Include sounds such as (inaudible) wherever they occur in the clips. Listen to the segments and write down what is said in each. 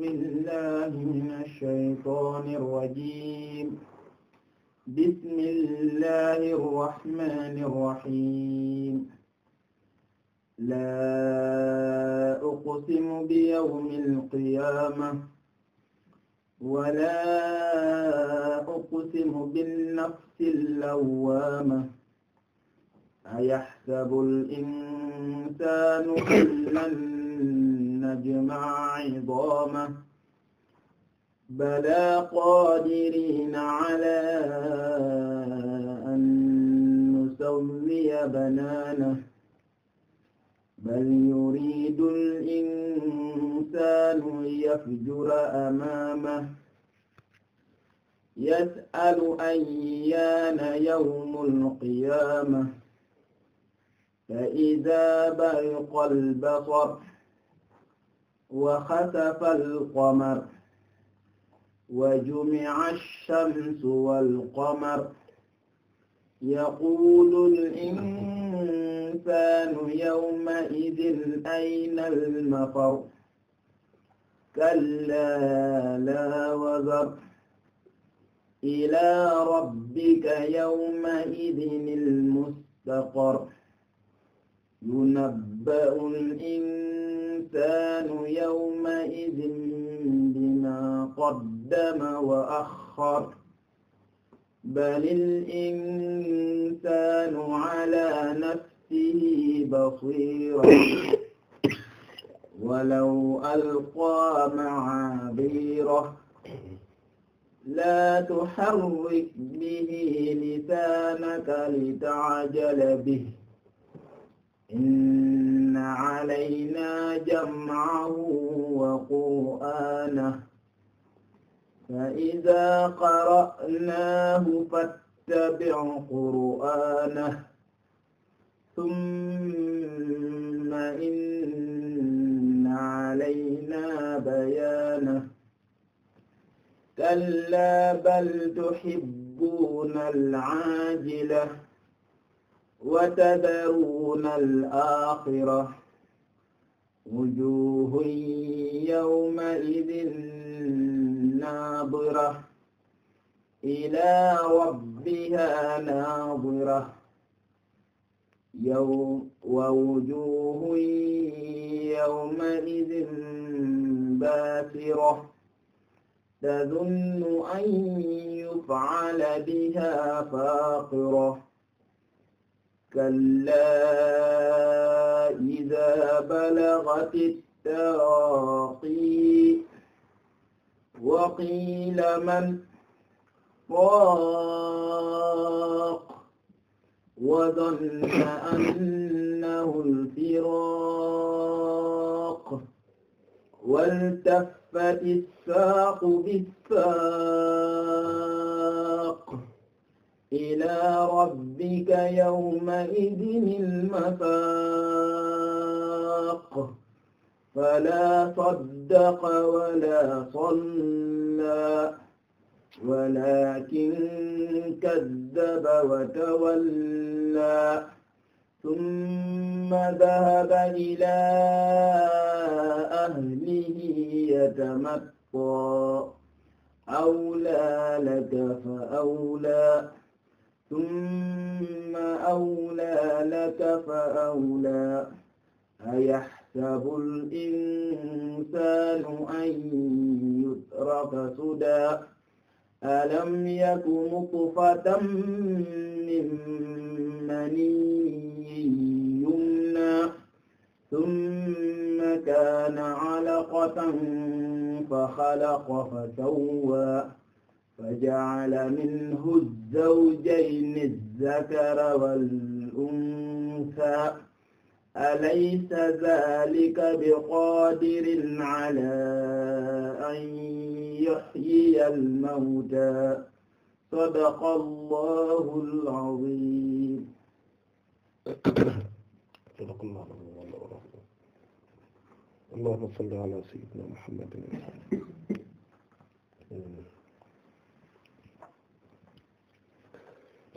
بالله من الشيطان الرجيم بسم الله الرحمن الرحيم لا أقسم بيوم القيامة ولا أقسم بالنفس اللوامة أيحسب الإنسان أن لن أجمع عظامه بلى قادرين على أن نسوي بنانه بل يريد الإنسان ليفجر أمامه يسأل أيان يوم القيامة فإذا برق البصر وخسف القمر وجمع الشمس والقمر يقول الإنسان يومئذ أين المفر كلا لا وزر إلى ربك يومئذ المستقر ينبأ الإنسان الإنسان يومئذ بما قدم وأخر بل الإنسان على نفسه بصيرة ولو ألقى معاذيره لا تحرك به لسانك لتعجل به إن علينا جمعه وقرآنه فإذا قرأناه فاتبع قرآنه ثم إن علينا بيانه كلا بل تحبون العاجلة wa tadharuuna al-aaxira wujuuhun yawma'idhin naadira ilaa rabbihaa naadira yow wa wujuuhun yawma'idhin baasira tadunnu an yuf'ala bihaa faaqira كلا إذا بلغت التراقي وقيل من راق وظن أنه الفراق والتفت الساق بالساق إلى ربك يومئذ المساق فلا صدق ولا صلى ولكن كذب وتولى ثم ذهب إلى أهله يتمطى أولى لك فأولى ثم أولى لك فأولى أيحسب الإنسان أن يترك سدى ألم يك نطفة من مني يمنى ثم كان علقة فخلق فسوى فجعل منه الزوجين الذكر والأنثى أليس ذلك بقادر على أن يحيي الموتى صدق الله العظيم صدق الله اللهم صل على سيدنا محمد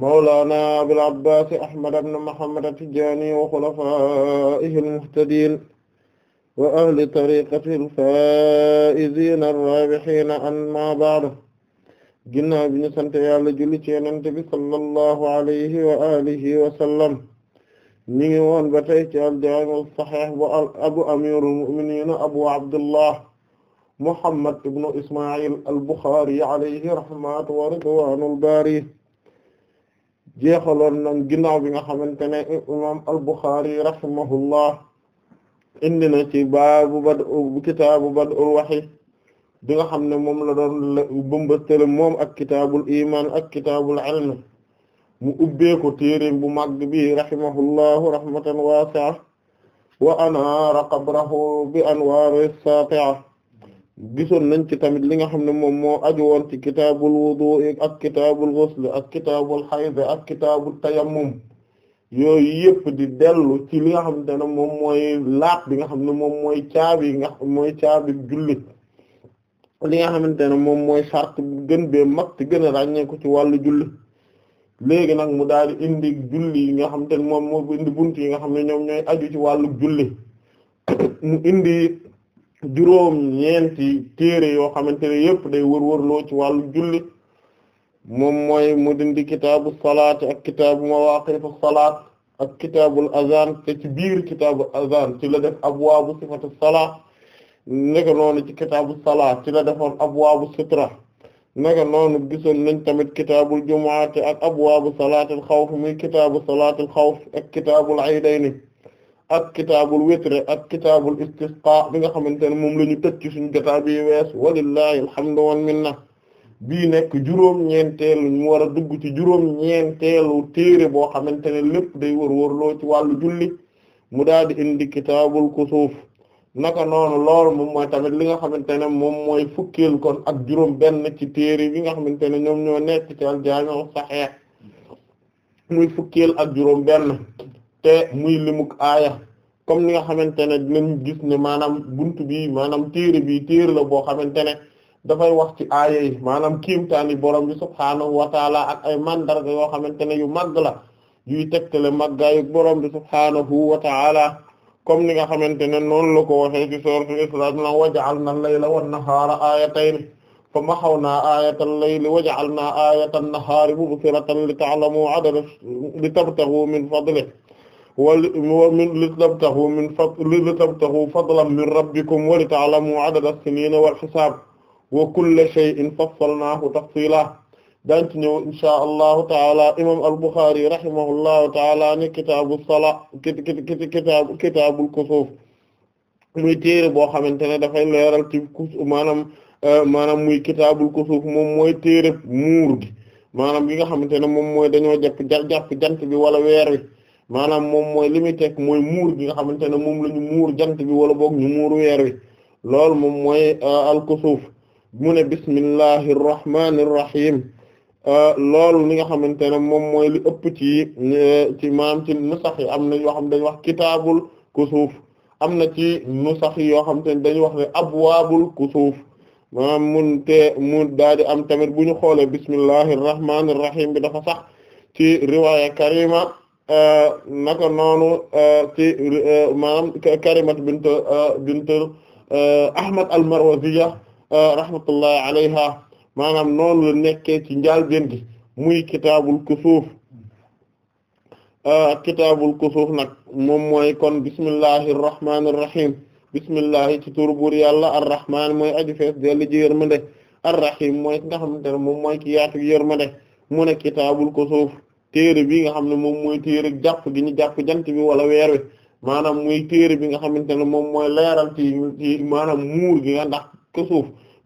mawlaana abil abbaas ahmad ibn muhammad at-tijaani wa xulafaa'ihi al-muhtadiin wa ahli tariiqatihi al-faa'iziina ar-raabihiina ammaa ba'du ginnaaw bi ñu sant yàlla julli ci Yonent bi sallallahu alayhi wa aalihi wa sallam ñu ngi woon ba tey ci al-jaami' as-sahiih bu abu amiiril mu'miniin abu abdullah muhammad ibn ismaa'iil al-buxaari alayhi rahmatu wa ridwaanul baari jeexaloon nam ginaaw bi nga xamante ne imam al-Bukhari rahimahullah indi na ci baabu bad kitaabu bad'ul wahyi nga xam ne moom la doon bëmbastale moom ak kitaabul iman ak kitaabul ilm mu ubbeeko téeréem bu màgg bi rahimahullahu rahmatan waasi'a wa anaara qabrahu bi anwaari saati'a gisoon nañ ci tamit li nga xam ne moom moo aju woon ci kitaabul wudu ak kitaabul ghusl ak kitaabul hayd ak kitaabul tayammum yooyu yëpp di dellu ci li nga xamante ne moom mooy laat bi nga xam ne moom mooy caabi nga xam mooy caabi julli li nga xamante ne moom mooy sart gën bee mag te gën a ràññee ko ci wàllu julli léegi nag mu daal di indi julli yi nga xamante ne moom moo indi bunt yi nga xam ne ñoom ñooy aju ci wàllu julli (coughs) mu indi. juróom ñeenti téere yoo xamante ne yëpp day wër-wërloo ci wàllu julli moom mooy mu dindi kitaabu salaat ak kitaabu mawaaqifu salaat ak kitaabul azan te ci biir kitaabu azan ci la def abwaabu sifatu salaat naka noonu ci kitaabu salaat ci la defoon abwaabu sutra naka noonu gisoon nañ tamit kitaabul jumaate ak abwaabu salaatil xawf muy kitaabu salaatil xawf ak kitaabul aydayni ak kitaabul witr ak kitaabul istisqa bi nga xamante ne moom la ñu tëj ci suñu jotaay bi wees walillahi alhamdu wal minna bii nekk juróom-ñeenteelu ñu war a dugg ci juróom-ñeenteelu téere boo xamante ne lépp day wër loo ci wàllu julli mu daal di indi kitaabul kusuuf naka noonu lool moom mooy tamit li nga xamante ne moom mooy fukkeel kon ak juróom-benn ci téere bi nga xamante ne ñoom ñoo nekk ci al-jaami' as muy fukkeel ak juróom-benn. te muy limuk aaya comme ni nga xamante ne dinañ gis ne maanaam bunt bi maanaam téere bi téere la boo xamante ne dafay wax ci aaya yi maanaam kiimtaani borom bi subhaanahu wa taala ak ay mandarga yoo xamante ne yu màgg la yuy tegtale màggaayu borom bi subhaanahu wa taala comme ni nga xamante ne noonu la ko waxee ci suuratul Israa na waja'alna al-layla wan-nahaara xaw na mahawnaa aayatal layli waja'alnaa aayatan nahaari mubsiratan li ta'lamu 'adada li tabtaghu min fadlihi wali tabtaxu min fa li tabtaxu fadlan min rabbikum wa li ta'lamu adada as-sinina wal hisaab wa kulla shay'in fassalnaahu tafsiila daan ci ñëw inshaa allahu taala imaam al-Bukhari rahimahullahu taala ne kitaabu salaa kitaabu kitaabul kusuuf muy téere boo xamante ne dafay leeral ci kus maanaam euh, muy kitaabul kusuuf moom mooy téere muur gi maanaam gi nga xamante ne moom mooy dañoo jàpp jàpp jant bi wala weer wi. maanaam moom mooy li muy teg mooy muur gi nga xamante ne moom la ñu muur jant bi wala boog ñu muur weer wi loolu moom mooy euh, alkusuuf mu ne bismillahir rahmanir rahim euh, loolu li nga xamante ne moom mooy li ëpp ci euh, ci maam ci nusax yi am na yoo xam dañu wax kitaabul kusuuf am na ci nusax yi yoo xamante ne dañu wax ne abwaabul kusuuf maanaam mun te mun daal di am tamit bu ñu xoolee bismillahir rahmanir rahim bi dafa sax ci riwaaya karima Euh, naka noonu euh, ci euh, maanaam Karimat bint bint Ahmad al-Marwaziyya rahmatullahi alayha maanaam noonu la nekkee ci njàlbéen gi muy kitaabul kusuuf kitaabul kusuuf nag moom mooy kon bismillahi rahmaani rahiim bismillahi ci turu buur yàlla arrahmaan mooy aji fees dellu ji yërmande arrahiim mooy ki nga xamante ne moom ki yaatu yërmande mu ne kitaabul kusuuf téere bi nga xam ne moom mooy téere jàpp gi ñu jàpp jant bi wala weer wi maanaam mooy téere bi nga xamante ne moom mooy leeral ci maanaam muur gi nga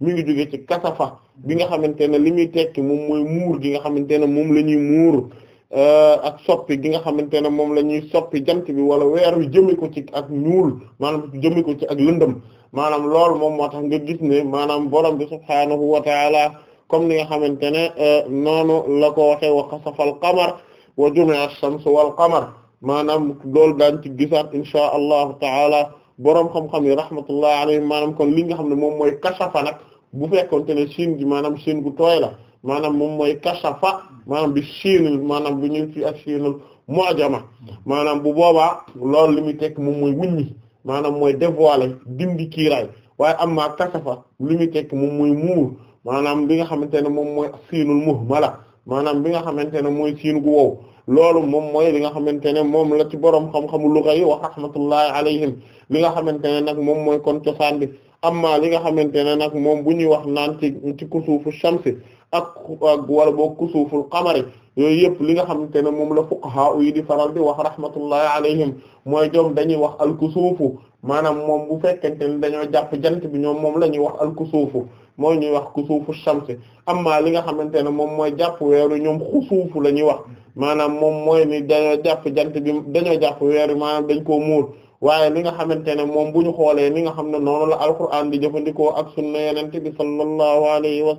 ngi jóge ci kasafa bi nga xamante ne li muy tekki moom mooy muur gi nga xamante ne moom la ñuy muur euh, ak soppi gi nga xamante ne moom la ñuy soppi jant bi wala weer wi jëme ko ci ak ñuul maanaam jëme ko ci ak lëndëm maanaam loolu moom moo tax nga gis ne maanaam borom bi subhaanahu wa taala comme ni nga xamante ne euh, noonu la ko waxe wa xasafal qamar wa jumi'a ash-shamsu wal qamar maanaam loolu daan ci gisaat insha allahu taala boroom xam-xam yi rahmatullah alayhim maanaam kon li nga xam ne moom mooy kasafa nag bu fekkonte ne siin gi maanaam siin gu tooy la maanaam moom mooy kasafa maanaam bi siinul maanaam bu ñu fi ak siinul mu'jama maanaam bu boobaa loolu li muy tekk moom mooy wuññi maanaam mooy dévoiler dindi kiiraay waaye amma kasafa li muy tekk moom mooy muur maanaam bi nga xamante ne moom mooy siinul muhmala maanaam bi nga xamante ne mooy siin gu wow loolu moom mooy li nga xamante ne moom la ci boroom xam-xamu lugha wax wa rahmatullahi alayhim li nga xamante ne nag moom mooy kon cosaan bi amma li nga xamante ne nag moom bu ñuy wax naan ci ci kusuufu shamsi ak ak wala bo kusuuful qamari yooyu yëpp li nga xamante ne moom la fuqaha yi di faral di wax rahmatullahi alayhim mooy ñoom dañuy wax alkusuufu maanaam moom bu fekkente ne dañoo jàpp jant bi ñoom moom la ñuy wax alkusuufu mooy ñuy wax kusuufu shamsi amma li nga xamante ne moom mooy jàpp weeru ñoom xusuufu la ñuy wax maanaam moom mooy ni dañoo jàpp jant bi dañoo jàpp weeru maanaam dañ koo muur waaye li nga xamante ne moom bu ñu xoolee ni nga xam ne noonu la alquran di jëfandikoo ak sunna yenente bi sallallahu alayhi wa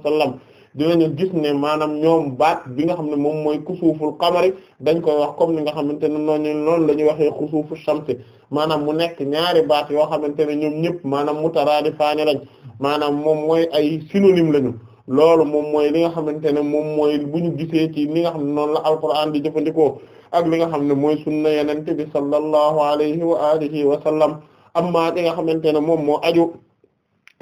na ñu gis ne maanaam ñoom baat bi nga xam ne moom mooy kusuuful qamari dañ koy wax comme ni nga xamante ne noonu noonu la ñuy waxee xusuufu shamsi maanaam mu nekk ñaari baat yoo xamante ne ñoom ñëpp maanaam mutaraadifaani lañ maanaam moom mooy ay synonyme lañu loolu moom mooy li nga xamante ne moom mooy bu ñu gisee ci li nga xam ne noonu la alquran di jëfandikoo ak li nga xam ne mooy sunna yenente bi sallallahu alayhi wa alihi wa sallam amma li nga xamante ne moom moo aju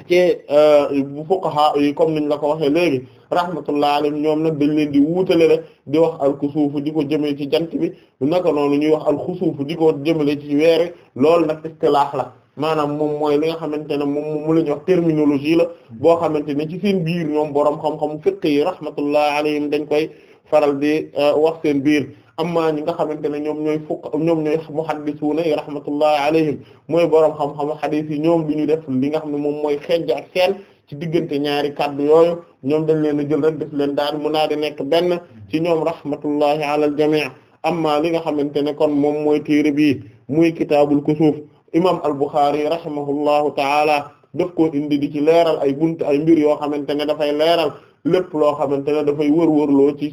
ci euh, fuqaha yi comme niñ la ko waxee léegi rahmatullah alayhim ñoom nag dañ leen di wuutale la di wax alkusuufu di ko jëmale ci jant bi naka noonu ñuy wax alxusuufu di ko jëmale ci weere loolu nag istilaax la maanaam moom mooy li nga xamante ne moom mu la ñuy wax terminologie la boo xamante ne ci seen biir ñoom boroom xam-xam fiqh yi rahmatullah alayhim dañ koy faral di euh, wax seen biir amma ñi nga xamante ne ñoom ñooy fukk ñoom ñooy muhaddisuuna yi rahmatullahi alayhim mooy boroom xam-xamu xadiis yi ñoom bi ñu def li nga xam ne moom mooy xejj ak seen ci diggante ñaari kaddu yooyu ñoom dañ leen a jël rek def leen daal mu naa di nekk benn ci ñoom rahmatullahi ala al jamii amma li nga xamante ne kon moom mooy téere bii muy kitaabul kusuuf imam al Bukhari rahimahullahu taala daf koo indi di ci leeral ay bunt ay mbir yoo xamante ne dafay leeral lépp loo xamante ne dafay wër-wërloo ci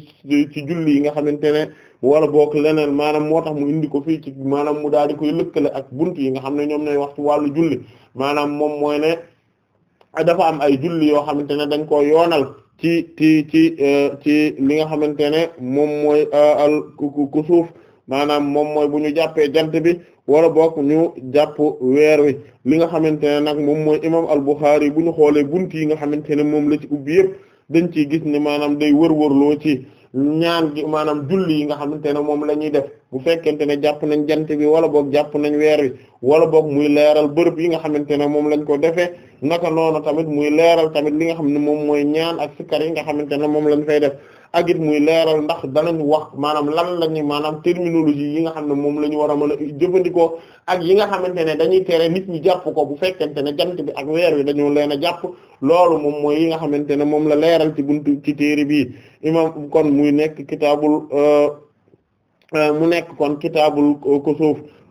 ci julli yi nga xamante ne wala boog leneen maanaam moo tax mu indi ko fii ci maanaam mu daal di koy lëkkale ak bunt yi nga xam ne ñoom ñooy wax ci wàllu julli maanaam moom mooy ne dafa am ay julli yoo xamante ne dañ ko yoonal ci ci ci e, ci li nga xamante ne moom mooy e, al kusuuf maanaam moom mooy bu ñu jàppee jant bi wala bokk ñu jàpp weer wi li nga xamante ne nag moom mooy imam al-Bukhari bu ñu xoolee bunt yi nga xamante ne moom la ci ubbi yëpp dañ ciy gis ne maanaam day wër-wërloo ci ñaan gi maanaam julli yi nga xamante ne moom la ñuy def bu fekkente ne jàpp nañ jant bi wala boog jàpp nañ weer wi wala boog muy leeral bërëb yi nga xamante ne moom lañ ko defee naka noonu tamit muy leeral tamit li nga xam ne moom mooy ñaan ak sukkar yi nga xamante ne moom lañ fay def ak it muy leeral ndax danañu wax maanaam lan la ñu maanaam terminologie yi nga xam ne moom la ñu war a mën jëfandikoo ak yi nga xamante ne dañuy tere nit ñi jàpp ko bu fekkente ne jant bi ak weer wi dañoo leen a jàpp loolu moom mooy yi nga xamante ne moom la leeral ci buntu téere bi imam kon muy nekk kitaabul euh, mu nekk kon kitaabul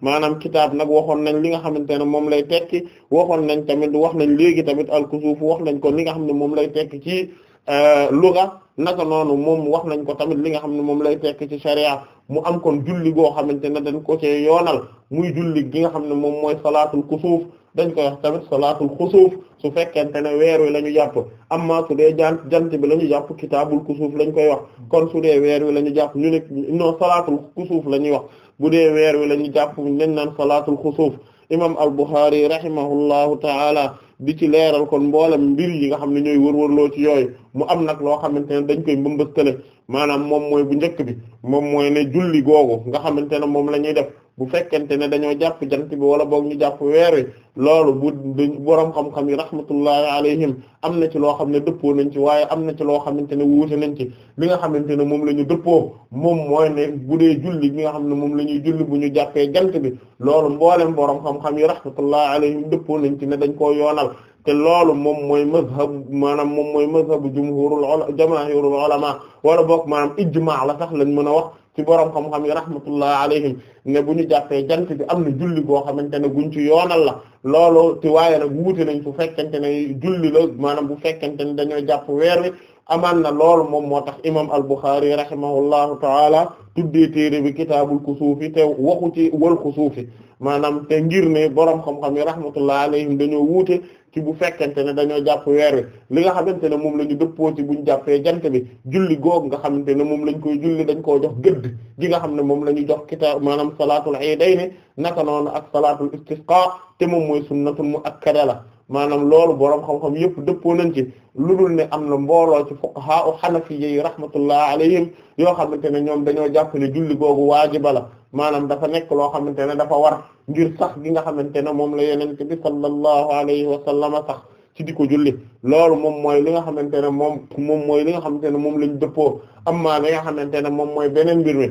maanaam kitaab nag waxoon nañ li nga xamante ne moom lay tekki waxoon nañ tamit wax nañ léegi tamit al kusuuf wax nañ ko li nga xam ne moom lay tekki ci. Euh, lugha naka noonu moom wax nañ ko tamit li nga xam ne moom lay tekk ci sharia mu am kon julli goo xamante ne dañ ko ci yoonal muy julli gi nga xam ne moom mooy salaatul kusuuf dañ koy wax tamit salaatul xusuuf su fekkente ne weer wi la ñu jàpp amma su dee jant jant bi la ñu jàpp kitaabul kusuuf lañ koy wax kon su weer wi la ñu jàpp ñu ne non salaatul kusuuf la ñuy wax bu dee weer wi la jàpp dañ naan salaatul xusuuf imam al Bukhari rahimahullahu ta'ala di ci leeral kon mboolem mbir yi nga xam ne ñooy wërwërloo ci yooyu mu am nag loo xamante ne dañ koy mbëmbëstale maanaam moom mooy bu njëkk bi moom mooy ne julli googu nga xamante ne moom la ñuy def bu fekkente ne dañoo jàpp jant bi wala boog ñu jàpp weer loolu bu boroom xam-xam yi rahmatullahi alayhim am na ci loo xam ne dëppoo nañ ci waaye am na ci loo xamante ne wuute nañ ci li nga xamante ne moom la ñu dëppoo moom mooy ne bu dee julli bi nga xam ne moom la ñuy julli bu ñu jàppee jant bi loolu mbooleem borom xam-xam yi rahmatullahi alayhim dëppoo nañ ci ne dañ koo yoonal te loolu moom mooy mazhab maanaam moom mooy mazhabu jumhurul ul jamaahirul ulama wala boog maanaam ijmaa la sax lañ mun a wax ci borom xam-xam yi rahmatullah alayhim ne bu ñu jàppee jant bi am na julli goo xamante ne guñ ci yoonal la loolu ti waaye nag wuute nañ su fekkente ne julli la maanaam bu fekkente ne dañoo jàpp weer wi amaan na loolu moom moo tax imam al-Bukhari rahimahullahu taala tuddee téere bi kitaabul kusuufi te waxu ci wal kusuufi maanaam te ngir ne borom xam-xam yi rahmatullah alayhim dañoo wuute ci bu fekkente ne dañoo jàpp weer wi li nga xamante ne moom la ñu dëppoo ci bu ñu jàppee jant bi julli goog nga xamante ne moom lañ koy julli dañ koo jox gëdd gi nga xam ne moom la ñu jox kitaab maanaam salaatul iidayni naka noonu ak salaatul istisqa te moom mooy sunnatun muakkada la maanaam loolu boroom xam-xam yëpp dëppoo nañ ci lu dul ne am na mbooloo ci fuqahaa u xanafi yi rahmatullah alayhim yoo xamante ne ñoom dañoo jàpp ne julli googu waajiba la maanaam dafa nekk loo xamante ne dafa war ngir sax gi nga xamante ne moom la yeneen bi sallallahu alayhi wa sallam sax ci di ko julli loolu moom mooy li nga xamante ne moom moom mooy li nga xamante ne moom lañ dëppoo amma li nga xamante ne moom mooy beneen mbir mi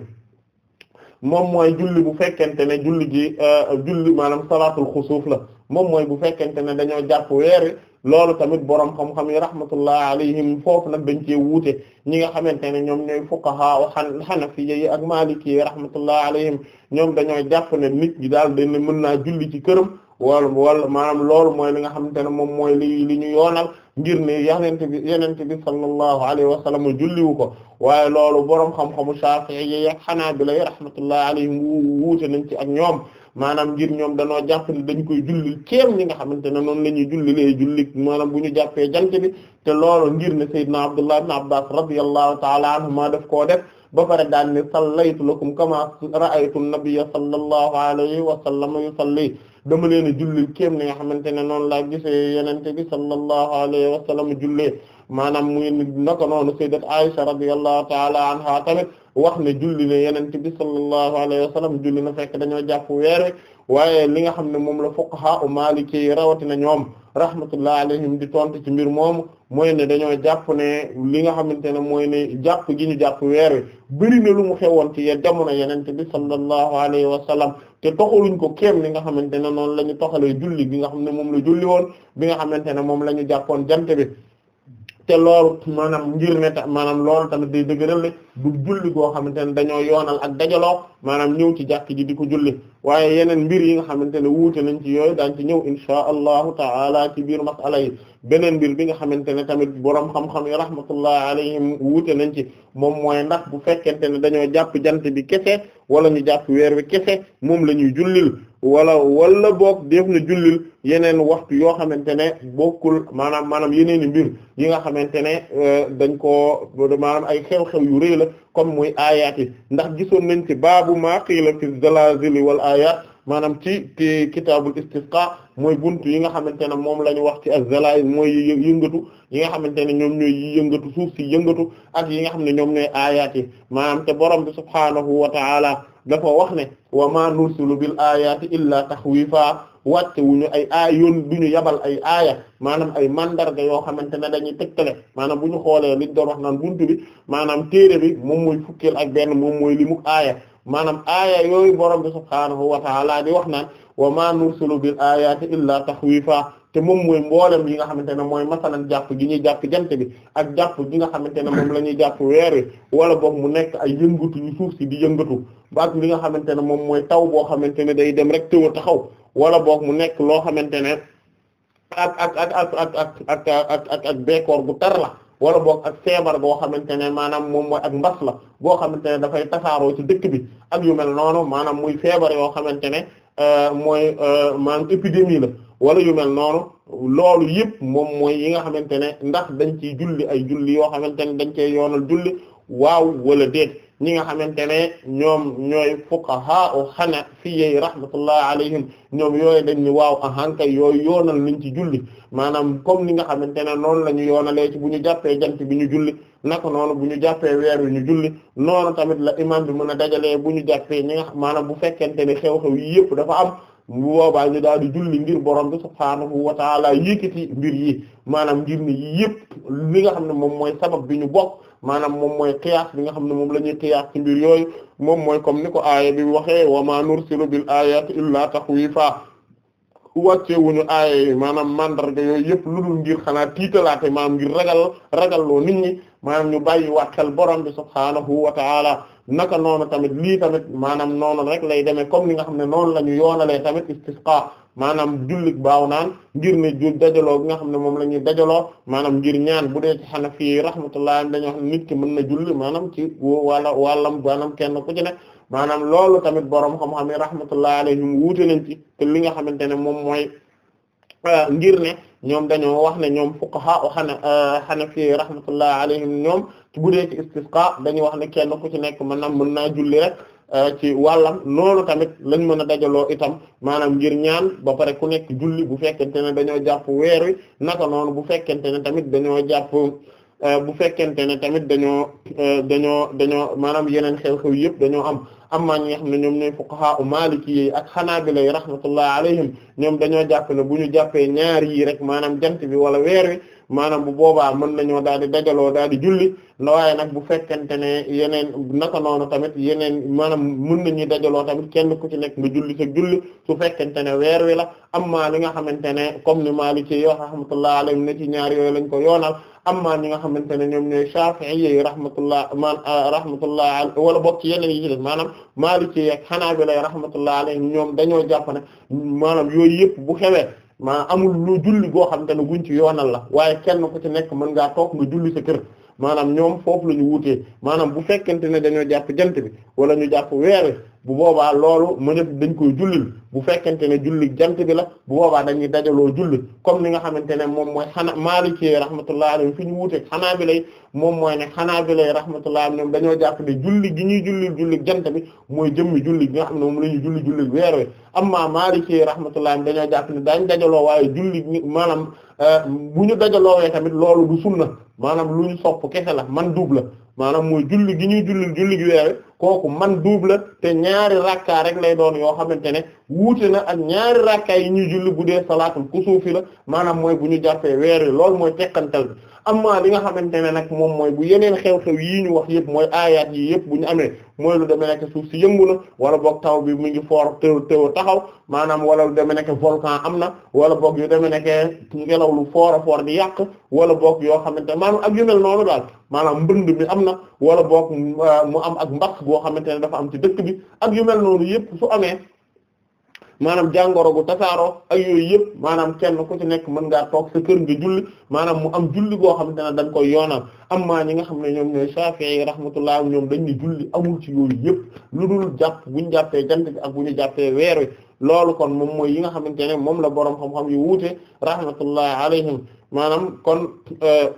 moom mooy julli bu fekkente ne julli gi euh, julli maanaam salaatul xusuuf la moom mooy bu fekkente ne dañoo jàpp weer loolu tamit borom xam-xam yi rahmatullah alayhim foofu nag dañ cee wuute ñi nga xamante ne ñoom ñooy fuqaha wa hanafiyya yi ak maliki yi rahmatullah alayhim ñoom dañoo jàpp ne nit gi daal dañ ne mën naa julli ci këram wala wala maanaam loolu mooy li nga xamante ne moom mooy li li ñu yoonal ngir ne yenente bi yenente bi sallallahu alayhi wa sallam julliwu ko waaye loolu borom xam-xamu Shafi'i yi ak Hanabila yi rahmatullah alayhim wuute nañ ci ak ñoom maanaam ngir ñoom danoo jàpp ne dañ koy jullil kéem ñi nga xamante ne noonu la ñuy jullilee julli maanaam bu ñu jàppee jant bi te loolo ngir ne Seydina Abdullah ibn Abbas radiyallahu ta'ala maa daf koo def ba pare daan ne sallaytu lakum kama ra'aytu an-nabiyya sallallahu alayhi wa sallam yusalli dama leen a jullil kéem li nga xamante ne noonu laa gisee yenente bi sallallahu alayhi wa sallam jullee maanaam muy naka noonu sayyidat Aisha radiyallahu ta'ala anha tamit wax ne julli ne yenente bi sallallahu alayhi wa sallam julli na fekk dañoo jàpp weer wi waaye li nga xam ne moom la fuqaha u maliki yi rawatina ñoom rahmatullah alayhim di tontu ci mbir moomu mooy ne dañoo jàpp ne li nga xamante ne mooy ne jàpp gi ñu jàpp weer wi bëri lu mu xewoon ci jamono yenente bi sallallahu alayhi wa sallam te toxaluñ ko kéem li nga xamante ne noonu la ñu toxalee julli gi nga xam ne moom la julli woon bi nga xamante ne moom la ñu jàppoon jant bi te loolu maanaam ngir ne ta maanaam loolu tamit day dëgëral ne du julli goo xamante ne dañoo yoonal ak dajaloo maanaam ñëw ci jàpp ji di ko julli waaye yeneen mbir yi nga xamante ne wuute nañ ci yooyu daañ ci ñëw inshaa allahu taala ci biir masala yi beneen mbir bi nga xamante ne tamit boroom xam-xam yi rahmatullahi alayhim wuute nañ ci moom mooy ndax bu fekkente ne dañoo jàpp jant bi kese wala ñu jàpp weer wi kese moom la ñuy jullil wala walla boog def na jullil yeneen waxtu yoo xamante ne bokkul maanaam maanaam yeneen i mbir yi nga xamante ne euh, dañ ko maanaam ay xew-xew yu rëy la comme muy aayaat yi ndax gisoon nañ ci baabu maa qiila fi zalaazili wal aayaat maanaam ci ci kitaabul istisqa mooy buntu yi nga xamante ne moom la ñu wax ci az-zalaazil mooy yëngatu yi nga xamante ne ñoom ñooy yëngatu suuf si yëngatu ak yi nga xam ne ñoom ñooy aayaat yi maanaam te borom bi subhaanahu wa ta'ala dafa wax ne wa ma nursilu bil ayati illa taxwifa wàcce wu ñu ay aay yoon du ñu yabal ay aaya maanaam ay mandarga yoo xamante ne dañuy tegtale maanaam bu ñu xoolee liñ doon wax naan buntu bi maanaam téere bi moom mooy fukkeel ak benn moom mooy li mu aaya maanaam aaya yooyu borom bi subhaanahu wa taala di wax naan wa ma nursilu bil ayati illa taxwifa te moom mooy mboolem yi nga xamante ne mooy masalan jàpp gi ñuy jàpp jant bi ak jàpp gi nga xamante ne moom la ñuy jàpp weer wala boog mu nekk ay yëngatu yu suuf si di yëngatu ba li nga xamante ne moom mooy taw boo xamante ne day dem rek tëw taxaw wala boog mu nekk loo xamante ne ak ak ak bu tar la wala boog ak feebar boo xamante ne maanaam moom mooy ak mbas la boo xamante ne dafay tasaaroo ci dëkk bi ak yu mel noonu maanaam muy feebar yoo xamante ne Euh, mooy euh, maanaam épidémie la wala yu mel noonu loolu yëpp moom mooy yi nga xamante ne ndax dañ ciy julli ay julli yoo xamante ne dañ cee yoonal julli waaw wala déet ñi nga xamante ne ñoom ñooy fuqaha u hanafiyyi rahmatullahi alayhim ñoom yooy dañ ñu waaw ahankay yooyu yoonal nañ ci julli maanaam comme ni nga xamante ne noonu la ñu yoonalee ci bu ñu jàppee jant bi ñu julli naka noonu bu ñu jàppee weer ñu julli noonu tamit la imam bi mën a dajalee bu ñu jàppee ñi nga maanaam bu fekkente ne xew-xew yi yëpp dafa am bu boobaa ñu daal di julli ngir borom bi subhaanahu wa taala yékkati mbir yi maanaam ngir ne yëpp li nga xam ne moom mooy sabab bi ñu bokk maanaam moom mooy qiyaas bi nga xam ne moom la ñuy qiyaas ci mbir yooyu moom mooy comme ni ko aaya bi waxee wa ma nursilu bil ayati illa taxwiifa wàcce wuñu ay maanaam mandarga yooyu yëpp lu dul ngir xanaa tiitalaate maanaam ngir ragal ragalloo nit ñi maanaam ñu bàyyi waxtal borom bi subhaanahu wa ta'ala naka noonu tamit lii tamit maanaam noonu rek lay demee comme ni nga xam ne noonu la ñu yoonalee tamit istisqa maanaam jullit baaw naan ngir ne ju dajaloo bi nga xam ne moom la ñuy dajaloo maanaam ngir ñaan bu dee ci Hanafi rahmatullah dañoo xam nit ki mën na julli maanaam ci wala wàllam maanaam kenn ku ci ne maanaam loolu tamit borom xam-xam yi rahmatullahi alayhim wuute nañ ci te li nga xamante ne moom mooy euh, ngir ne ñoom dañoo wax ne ñoom fuqaha o xana xanafi euh, rahmatullahi alayhim ñoom ci bu dee ci istisqa dañuy wax ne kenn ku ci nekk maanaam mën naa julli rek euh, ci wàllam loolu tamit lañ mën a dajaloo itam maanaam ngir ñaan ba pare ku nekk julli bu fekkente ne dañoo jàpp weer naka noonu bu fekkente ne tamit dañoo jàpp Euh, bu fekkente ne tamit dañoo euh, dañoo dañoo maanaam yeneen xew-xew yëpp dañoo am amma ñi nga xam ne ñoom ñooy fuqaha u maliki yi ak xanaabila yi rahmatullah alayhim ñoom dañoo jàpp ne bu ñu jàppee ñaar yi rek maanaam jant bi wala weer maanaam bu boobaa mën nañoo daal di dajaloo daal di julli waaye nag bu fekkente ne yeneen naka noonu tamit yeneen maanaam mën nañuy dajaloo tamit kenn ku ci nekk nga julli julli su fekkente ne weer wi la amma li nga xamante ne comme ni maliki yi wax rahmatullah alayhim ne ci ñaari yooyu lañ ko yoonal am amma ñi nga xamante ne ñoom ñooy Shafi'i rahmatullah man ah, rahmatullah wala bokk ci yeneen yi ci def maanaam Maliki ak Hanabila rahmatullah alayhim ñoom dañoo jàpp ne maanaam yooyu yëpp bu xewee maa amul lu julli goo xamante ne guñ ci yoonal la waaye kenn ku ci nekk mën ngaa toog nga julli sa kër maanaam ñoom foofu la ñu wutee maanaam bu fekkente ne dañoo jàpp jant bi wala ñu jàpp weer bu boobaa loolu mu def dañ koy jullil bu fekkente ne julli jant bi la bu boobaa dañuy dajaloo julli comme ni nga xamante ne moom mooy xana Maliki rahmatullahi alayhi fi ñu wuuteeg Hanabila moom mooy ne Hanabila rahmatullahi alayhi dañoo jàpp julli gi ñuy jullil julli jant bi mooy jëmmi julli gi nga xam ne moom la ñuy julli julli weer wi amma Maliki rahmatullahi dañoo jàpp ne daañ dajaloo waaye julli maanaam euh, bu ñu dajaloowee tamit loolu du sunna maanaam lu ñu sopp kese la man duub la maanaam mooy julli gi ñuy jullil julli gi kooku man duub la te ñaari rakka rek lay doon yoo xamante ne wuute na ak ñaari rakka yi ñuy julli bu dee salaatul kusuufi la maanaam mooy bu ñu jàppee weer lool loolu mooy tekkantal bi amma li nga xamante ne nag moom mooy bu yeneen xew-xew yii ñu wax yëpp mooy aayaat yi yëpp bu ñu amee mooy lu demee nekk suuf si yëngu na wala boog taw bi mu ngi for teew taxaw maanaam wala lu nekk volcan am na wala boog yu demee nekk ngelaw lu foor a foor di yàq wala boog yoo xamante maanaam ak yu mel noonu daal maanaam mbënd mi am na wala boog mu am ak mbaq goo xamante ne dafa am ci dëkk bi ak yu noonu yëpp su amee maanaam jàngoro gu tasaaroo ak yooyu yëpp maanaam kenn ku ci nekk mën ngaa toog sa kër nga julli maanaam mu am julli goo xamante ne dañ koy yoonal amma ñi nga xam ne ñoom ñooy Shafi'i rahmatullah ñoom dañ ni julli amul ci yooyu yëpp lu dul jàpp bu ñu jàppee jant bi ak bu ñu jàppee weer loolu kon moom mooy yi nga xamante ne moom la boroom xam-xam yu wuute rahmatullah alayhim maanaam kon euh,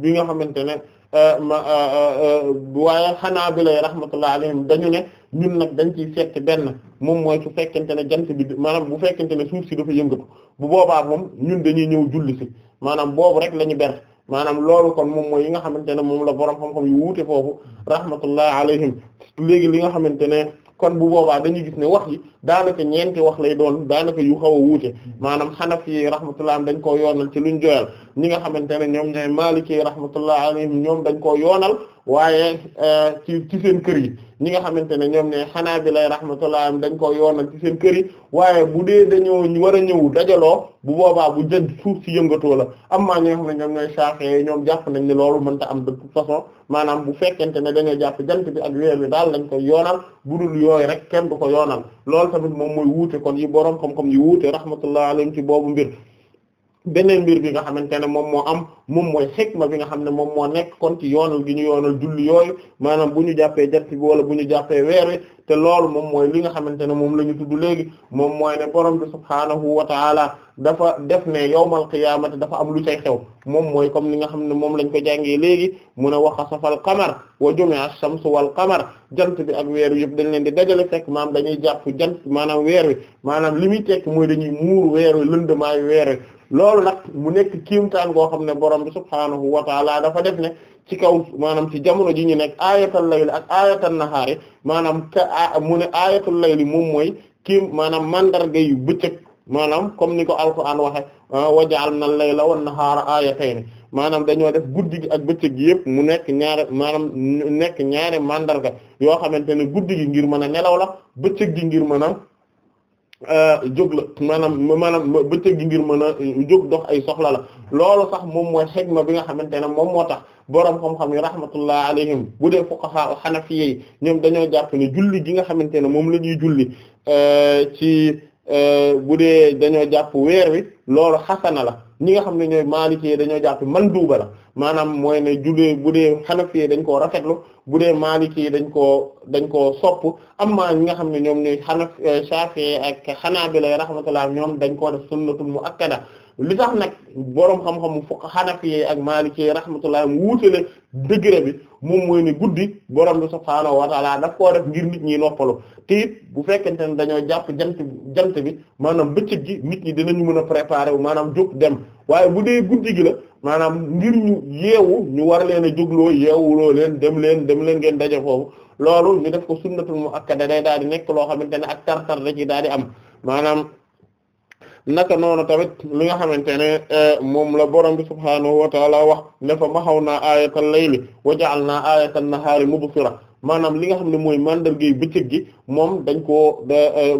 bi nga xamante ne euh, euh, waaye xanaa bi lay rahmatullah alayhim dañu ne ñun nag dañ ciy seet benn moom mooy su fekkente ne jant bi maanaam bu fekkente ne suuf si dafa yëngatu bu boobaa moom ñun dañuy ñëw julli si maanaam boobu rek la ñu ber maanaam loolu kon moom mooy yi nga xamante ne moom la borom xam-xam yu wuute foofu rahmatullah alayhim léegi li nga xamante ne kon bu boobaa dañuy gis ne wax yi daanaka ñeenti wax lay doon daanaka yu xaw a wuute maanaam xanaf yi rahmatullah dañ koo yoonal ci luñ joyal ñi nga xamante ne ñoom ñooy maliki rahmatullah alayhim ñoom dañ koo yoonal waaye eh, ci ci seen kër yi ñi nga xamante ne ñoom ñooy xanaabila rahmatullah alayhim dañ koo yoonal ci seen kër yi waaye bu dee dañoo war a ñëw dajaloo bu boobaa bu jënd suuf si yëngatoo la amaa ñi nga xam ne ñoom ñooy ñoom jàpp nañ ne loolu mënta am de façon maanaam bu fekkente ne dañoo jàpp jant bi ak weer bi daal lañ koy yoonal budul yooyu rek kenn du ko yoonal loolu tamit moom mooy wuute kon yi boroom xam-xam yi wuute rahmatullah ci boobu mbir beneen mbir bi nga xamante ne moom moo am moom mooy bi nga xam ne moom moo nekk kon ci yoonal gi ñu yoonal julli yooyu maanaam bu ñu jàppee jant bi bu ñu jàppee weer wi te moom mooy li nga xamante ne moom la ñu tudd léegi moom mooy ne borom bi subhaanahu wa taala dafa def ne yawmal qiyaamati dafa am lu cay moom mooy comme li nga xam ne moom lañ ko jàngee léegi mu ne wa xasafal qamar wa jumi'a shamsu wal qamar jant bi ak weer yëpp dañ leen di dajale fekk maam dañuy jàpp jant maanaam weer wi maanaam li muy tekk mooy dañuy muur weer wi lëndëmaayu weer wi loolu nag mu nekk kiimtaan goo xam ne borom bi subhaanahu wa taala dafa def ne ci kaw maanaam ci jamono ji ñu nekk ayatal layli ak ayatal nahaari maanaam te mu ne ayatul layli moom mooy kiim maanaam mandarga yu bëccëg maanaam comme ni ko alquran waxe ah, waja'alna al-layla wan-nahaara aayatayni maanaam dañoo def guddi gi ak bëccëg gi yëpp mu nekk ñaare maanaam nekk ñaare mandarga yoo xamante ne guddi gi ngir mën a nelaw la bëccëg gi ngir mën a Euh, jóg la maanaam maanaam bëccëg gi ngir mën a euh, jóg dox ay soxla la loolo sax moom mooy ma bi nga xamante ne moom moo tax boroom xam-xam yi rahmatullah alayhim bu dee fuqaha xanafi yi ñoom dañoo jàpp ne julli bi nga xamante ne moom la ñuy julli euh, ci Euh, bu dee dañoo jàpp weer wi loolu xasana la ñi nga xam ne ñooy maliki dañoo jàpp manduuba la maanaam mooy ne julee bu dee xanafi dañ koo rafetlu bu dee maliki dañ koo dañ koo sopp amma ñi nga xam ne ñoom ñooy xanaf euh, shafi ak xanaabila rahmatullah ñoom dañ koo def sunnatul muakkada li tax nag boroom xam-xamu fukk xanafi ak maliki rahmatullah mu wuutale degré bi moom mooy ne guddi boroom bi subhaanahu wa taala daf koo def ngir nit ñi noppalu te it bu fekkente ne dañoo jàpp jant jant bi maanaam bëccëg gi nit ñi dinañu mën a préparer wu maanaam jóg dem waaye bu dee guddi gi la maanaam ngir ñu yeewu ñu war leen a jógloo yeewuloo leen dem leen dem leen ngeen daje foofu loolu ñu def ko sunnatul muakkada day daal di nekk loo xamante ne ak tartar da ci daal di am maanaam naka noonu tamit li nga xamante ne eh, moom la borom bi subhaanahu wa taala wax ne fa maxaw naa ayatal li wa jaal naa na ayatan nahaari mubsira maanaam li nga xam ne mooy mandargay bëccëg gi moom dañ koo eh, eh,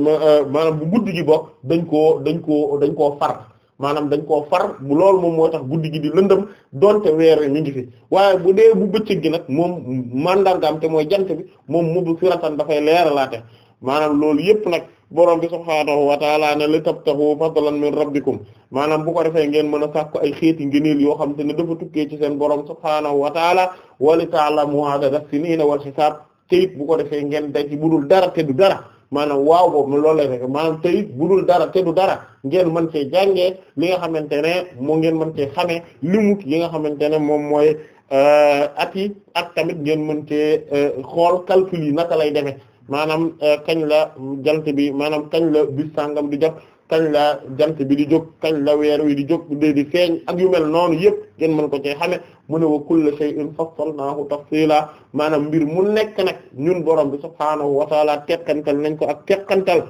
maanaam bu guddi gi bokk dañ koo dañ koo dañ koo far maanaam dañ koo far bu loolu moom moo tax guddi gi di lëndëm donte weer ñu ngi waaye bu dee bu bëccëg gi nag moom mandargaam te mooy jant bi moom mubsiratan dafay leeralaate maanaam loolu yépp nag borom bi subhaanahu wa taala ne li tabtahu fadlan min rabbikum maanaam bu ko defee ngeen mën a sàkk ay xeeti ngëneel yoo xam te ne dafa tukkee ci seen borom subhaanahu wa taala wa li ta'lamu adada siniina wal hisaab te it bu ko defee ngeen daj ci budul dara te du dara maanaam waaw boobu loolu lay fekk maanaam te it dara te dara ngeen mën cee jànge li nga xamante ne moo ngeen mën cee xamee limu yi nga xamante ne moom mooy euh, at yi ak tamit ngeen mën cee euh, xool calcul yi naka lay demee. maanaam euh, kañ la jant bi maanaam kañ la bis sàngam di jot kañ la jant bi di jóg kañ la weer wi di jóg de di feeñ ak yu mel noonu yëpp ngeen mën ko cee xame mu ne wa kullu shay'in fassalnaahu tafsiila maanaam mbir mu nekk nag ñun borom bi subhaanahu wa ta'aala tekkantal nañ ko ak tekkantal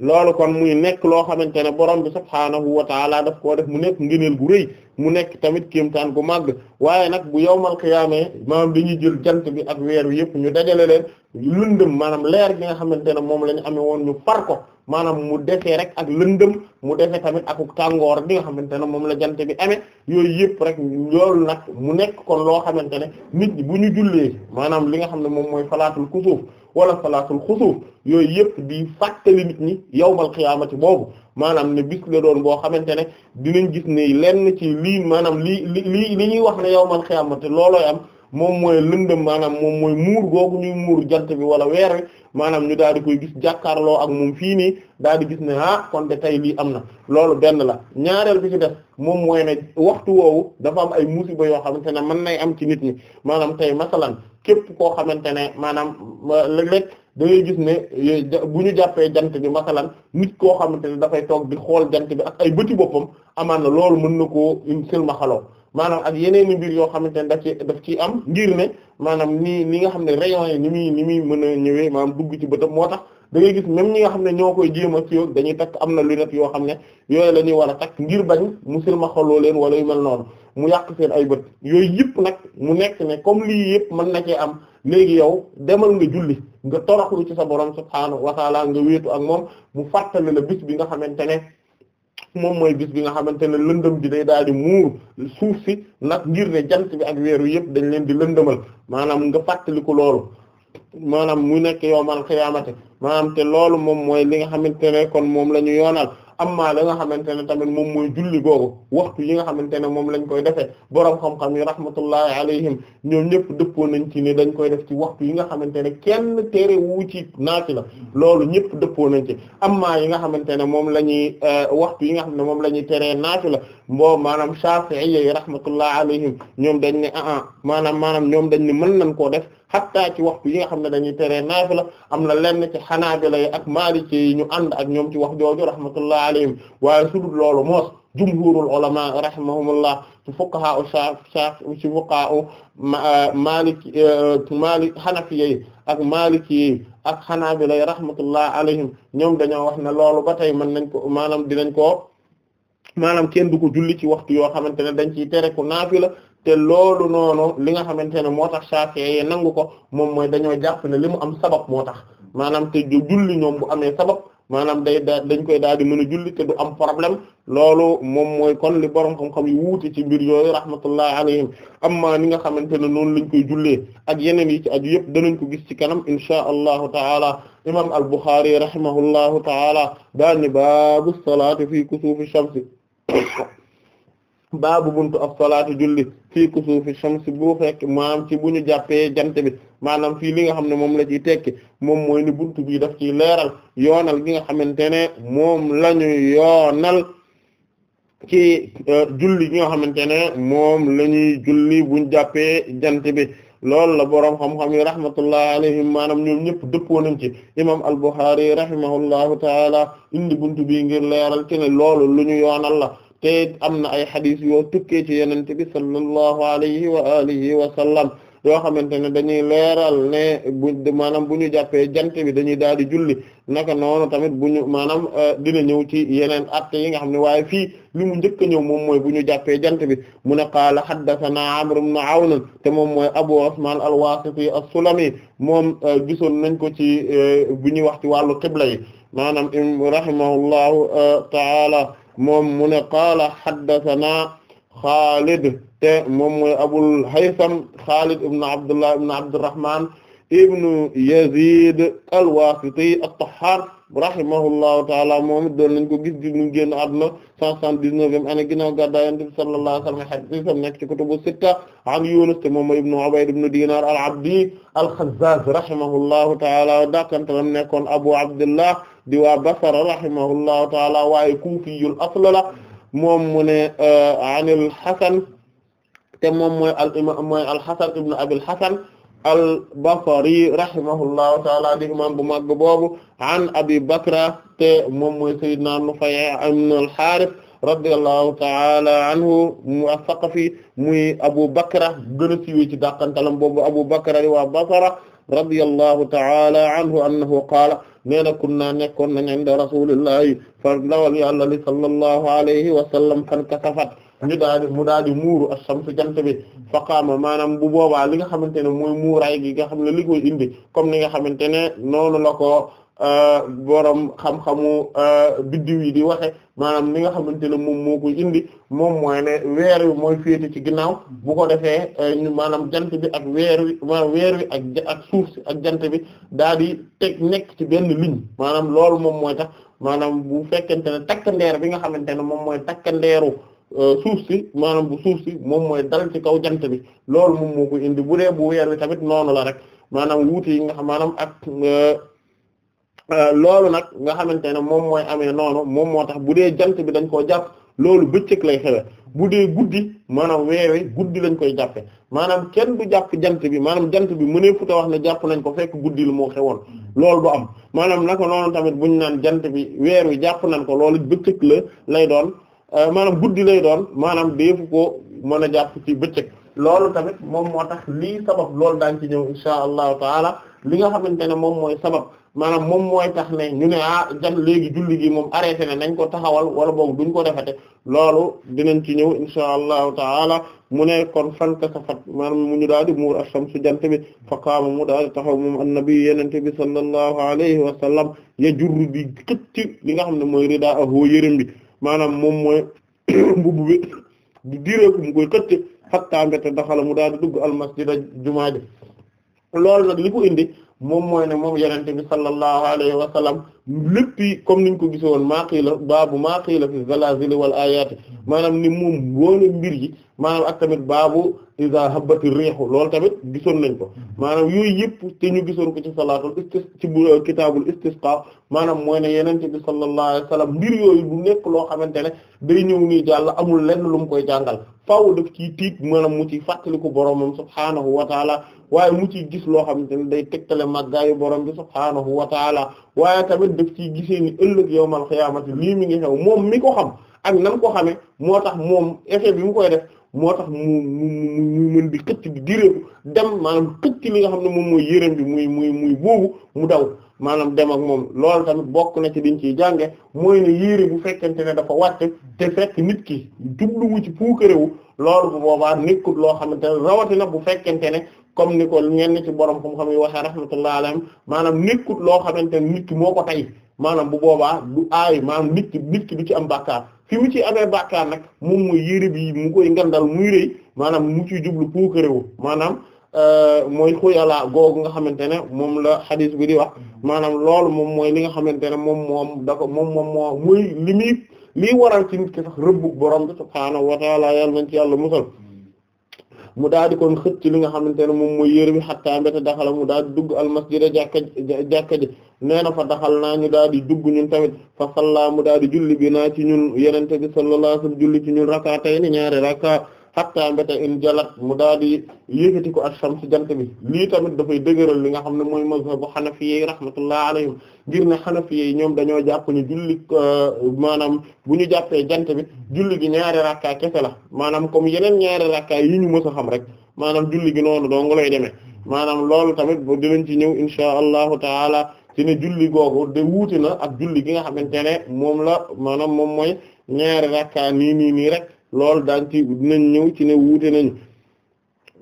loolu kon muy nekk loo xamante ne borom bi subhaanahu wa taala daf koo def mu nekk ngëneel gu rëy mu nekk tamit kéemtaan gu màgg waaye nag bu yowmal xiyaamee maanaam dañuy jël jant bi ak weer yëpp ñu dajale leen lëndëm maanaam leer gi nga xamante ne moom la ñu amee woon ñu par ko maanaam mu defee rek ak lëndëm mu defee tamit ak tàngoor bi nga xamante ne moom la jant bi amee yooyu yëpp rek loolu nag mu nekk kon loo xamante ne nit bu ñu jullee maanaam li nga xam ne moom mooy falaatul kusuuf wala salaatul xusuuf yooyu yëpp di fàttali nit ñi yawmal qiyaamati boobu maanaam ne bis la doon boo xamante ne dinañ gis ne lenn ci lii maanaam lii lii li ñuy wax ne yawmal qiyaamati loolooy am moom mooy lëndëm maanaam moom mooy muur googu ñuy muur jant bi wala weer wi maanaam ñu daal di koy gis jàkkaarloo ak moom fii nii daal di gis ne ah kon de tey lii am na loolu benn la ñaareel bi ci def moom mooy ne waxtu woowu dafa am ay musiba yoo xamante ne mën nay am ci nit ñi maanaam tey masalan képp koo xamante ne maanaam léeg-léeg da gis ne bu ñu jàppee jant bi masalan nit koo xamante ne dafay toog di xool jant bi ak ay bëti boppam amaan na loolu mën na koo silma xaloo maanaam ak yeneen mbir yoo xamante ne daf ci daf ciy am ngir ne maanaam nii ni nga xam ne rayon yi ni muy ni muy mën a ñëwee maanaam dugg ci bëtam moo tax da ngay gis même ñi nga xam ne ñoo koy jéem a ci dañuy takk am na lunette yoo xam ne yooyu lañuy ñuy war a takk ngir bañ musulma xoloo leen wala yu mel noonu mu yàq seen ay bët yooyu yëpp nag mu nekk ne comme lii yëpp man na cee am léegi yow demal nga julli nga toroxlu ci sa borom subhaanahu wa taala nga wéetu ak moom mu fàttali la bis bi nga xamante ne moom mooy bis bi nga xamante ne lëndëm bi day daal di muur suuf si nag ngir ne jant bi ak weeru yëpp dañ leen di lëndëmal maanaam nga fàttaliku loolu maanaam mu nekk yowmal xiyaamati maanaam te loolu moom mooy li nga xamante ne kon moom la ñu yoonal amma la nga xamante ne tamit moom mooy julli googu waxtu yi nga xamante ne moom lañ koy defee boroom xam-xam yi rahmatullahi alayhim ñoom ñëpp dëppoo nañ ci ne dañ koy def ci waxtu yi nga xamante ne kenn téere wu ci naafila loolu ñëpp dëppoo nañ ci amma yi nga xamante ne moom la ñuy euh, waxtu yi nga xam ne moom la ñuy teree naafila mboo maanaam Shafi'i yi rahmatullahi alayhim ñoom dañ ne ah, ah maanaam maanaam ñoom dañ ne mën nañ koo def xattaa ci waxtu yi nga xam ne dañuy teree naafila am na lenn ci xanaabila yi ak maaliki yi ñu ànd ak ñoom ci wax jooju rahmatullah alayhim waaye su dul loolu moos jumhurul ulama rahimahumullah ci fuqaha u shaf shaf ci fuqaha u maliki euh, euh, malik xanafiya yi ak maliki yi ak xanaabila yi rahmatullah alayhim ñoom dañoo wax ne loolu ba tey mën nañ ko maanaam dinañ ko maanaam kenn du ko ci waxtu yoo xamante ne dañ ciy tere ko naafila te loolu noonu li nga xamante ne moo tax Shafi'i nangu ko moom mooy dañoo jàpp na li mu am sabab moo tax maanaam te julli ñoom bu amee sabab maanaam day da dañ koy daal di mën a julli te am problème loolu moom mooy kon li borom xam-xam yi wuute ci mbir yooyu rahmatullahi alayhim amma ni nga xamante ne noonu lañ koy jullee ak yeneen yi ci aju yëpp danañ ko gis ci kanam insha allahu taala imam al-Bukhari rahimahullahu taala daani baabu salaati fii kusuufi shamsi (coughs) baabu buntu ab salaatu julli fii kusuufi shamsi bu fekk maanaam ci buñu jàppee jant bi maanaam fii li nga xam ne moom la ciy tekki moom mooy ni buntu bi daf ciy leeral yoonal gi nga xamante ne moom la ñu ci euh, julli gi nga xamante ne moom la ñuy julli bu ñu jàppee jant bi loolu la boroom xam-xam yi rahmatullahi alayhim maanaam ñoom ñëpp dëppoo nañ ci imam al-Bukhari rahimahullahu taala indi buntu bi ngir leeral ci ne loolu lu ñu yoonal la te am na ay xadis yoo tukkee ci yenente bi sallallahu alayhi wa alihi wa sallam yoo xamante ne dañuy leeral ne bu maanaam bu ñu jàppee jant bi dañuy daal di julli naka noonu tamit bu ñu maanaam euh, dina ñëw ci yeneen atte yi nga xam ne waaye fii li mu njëkk a ñëw moom mooy bu ñu jàppee jant bi mu ne qaala haddasanaa Amr ibn Awn te moom mooy Abu Usman al-Wasiti as-Sulami moom euh, gisoon nañ ko ci euh, bu ñuy wax ci wàllu qibla yi maanaam im rahimahullahu ta'ala moom mu ne qaala haddathana Xaalid te moom mooy Abul Haytham Xaalid ibn Abdullah ibn Abdurrahman ibn Yazid al-Wasiti at-Tahhar rahimahullahu taala moom doon nañ ko gis di ñu génn àdduna cent soixante-dix-neuvième année ginnaaw gàddaay Yonent bi sallallahu alayhi wa sallam hadiisam nekk ci kutubu sitta an Yunus te moom mooy ibnu Ubayd ibnu Dinar al-Abdi al-Khazzaz rahimahullahu taala dakantalam nekkoon Abu Abdullah di waa Basra rahimahullahu taala waaye kuufiyul asl la moom mu ne euh, anil Hasan te moom mooy al imam mooy al-Hasan ibnu Abil Hasan al-Basri rahimahullahu ta'ala di imam bu mag boobu an Abi Bakra te moom mooy sayyidina Nufay' ibn al-Harith radiyallahu ta'ala anhu mu as-Saqafi muy Abu Bakra gën a siiwee ci dàqantalam boobu Abu Bakra di waa Basra radiyallahu ta'ala anhu annahu qaala nee na kunna nekkoon nañu inda rasulillahi fa ndawal yàlla li sallallahu alayhi wa sallam fan kasafat ñu mu daal di muuru as-shamsu jant bi faqaama maanaam bu boobaa li nga xamante ne mooy muuraay gi nga xam ne li koy indi comme ni nga xamante ne noonu la ko euh, borom xam-xamu euh, biddiw yi di waxe maanaam li nga xamante ne moom moo koy indi moom mooy ne weer wi mooy féete ci ginnaaw bu ko defee euh, ñu maanaam jant bi ak weer wi ak ak suuf si ak jant bi daal di teg nekk ci benn ligne maanaam loolu moom mooy tax maanaam bu fekkente ne takkandeer bi nga xamante ne moom mooy takkandeeru Euh, suuf si maanaam bu suuf si moom mooy dal ci kaw jant bi loolu moom moo ko indi bu dee bu weer bi tamit noonu la rek maanaam wuute yi nga xam ak euh, euh, loolu nag nga xamante ne moom mooy amee noonu moom moo tax bu dee jant bi dañ koo jàpp loolu bëccëg lay xewe bu dee guddi maanaam weer wi guddi lañ koy jàppe maanaam kenn du jàpp jant bi maanaam jant bi mënee futa wax ne jàpp nañ ko fekk guddi lu moo xewoon loolu du am maanaam naka noonu tamit buñ naan jant bi weer wi jàpp nañ ko loolu bëccëg la lay doon Euh, maanaam guddi lay doon maanaam deefu ko mën a jàpp ci bëccëg loolu tamit moom moo tax lii sabab loolu daañ ci ñëw insha allahu taala li nga xamante ne moom mooy sabab maanaam moom mooy tax ne ñu ne ah jan léegi julli gi moom arrêté ne nañ ko taxawal wala boog duñ ko defate loolu dinañ ci ñëw insha allahu taala mu ne kon fanka safat maanaam mu ñu daal di muur ashamsu jant bi fa qaama mu daal di taxaw moom annabi yenente bi sallallahu alayhi wa sallam ya jurru bi këp li nga xam ne mooy daa ahoo yërëm bi maanaam moom mooy (clears throat) mbubb bi di direeku mu koy xëcc xattaa mbete daxala mu daal di dugg almasjida jumaa ji loolu nag li ko indi moom mooy ne moom yenente bi sallallahu alayhi wa sallam léppi comme niñ ko gisoon maa qiila baabu maa qiila fi zalazili wal ayaati maanaam ni moom boole mbir yi maanaam ak tamit baabu iza habati riihu loolu tamit gisoon nañ ko maanaam yu yëpp te ñu gisoon ko ci salaatul ci euh, kitaabul istisqa maanaam mooy ne yenente bi sallallahu alayhi wa sallam du nekk loo xamante ne day ñëw nii jàll amul lenn lu mu koy jàngal faaw daf ciy tiit maanaam mu ci fàttaliku boromam subhaanahu wa taala waaye mu ci gis loo xamante ne day tegtale màggaayu borom bi subhaanahu wa taala waaye tamit daf ci gisee ni ëllëg yawmal xiyaamati lii mi ngi xew moom mi ko xam ak nan ko xamee moo tax moom effet bi mu koy def moo tax mu mu mu mën di xëcc di diréeku dem maanaam xëcc li nga xam ne moom mooy yërëm bi muy muy muy boobu mu daw maanaam dem ak moom loolu tamit bokk na ci liñ ciy jànge mooy ne yére bu fekkente ne dafa wàcc te fekk nit ki jubluwu ci puukarewu loolu boobaat boobaa loo xam ne rawatina bu fekkente ne comme ni ko ñenn ci borom xam-xam yi waxee rahmatullah alayhim maanaam nekkut loo xamante ne nit moo ko tey maanaam bu boobaa du aay maanaam nit ki nit du ci am bàkkaar fi mu ci amee bàkkaar nag moom mooy yére bi mu koy ngandal muy rëy maanaam mu ciy jublu puukarewu maanaam euh, mooy xuyala googu nga xamante ne moom la xadis bi di wax maanaam loolu moom mooy li nga xamante ne moom moom da ko moom moom moo muy li muy lii waral ci nit ki sax rëbbug borom bi subhaanahu wa taala yàlla nañ ci yàlla musal mu daal di kon xëcc li nga xamante ne moom mooy yére bi xattaa mbéta daxala mu daal di dugg almasjida jàkka jàkka ji nee na fa daxal naa ñu daal di dugg ñun tamit fa salla mu daal di julli bi naa ci ñun yenente bi sallallahu alayhi wasallam julli ci ñun rakaatayni ñaari raka hatta mbéta in jalat mu daal di yékkati ko ash-shams jant bi lii tamit dafay dëgëral li nga xam ne mooy mazhabu hanafiyyi rahmatullah alayhim ngir ne hanafiyyi ñoom dañoo jàpp ne julli euh, maanaam bu ñu jàppee jant bi julli gi ñaari rakka kese la maanaam comme yeneen ñaari rakka yi ñu mës xam rek maanaam julli gi noonu dong lay demee maanaam loolu tamit boo dinañ ci ñëw insha allahu taala ci ne julli googu de wuute na ak julli gi nga xamante ne moom la maanaam moom mooy ñaari rakka nii nii rek loolu daan ci dinañ ñëw ci ne wuute nañ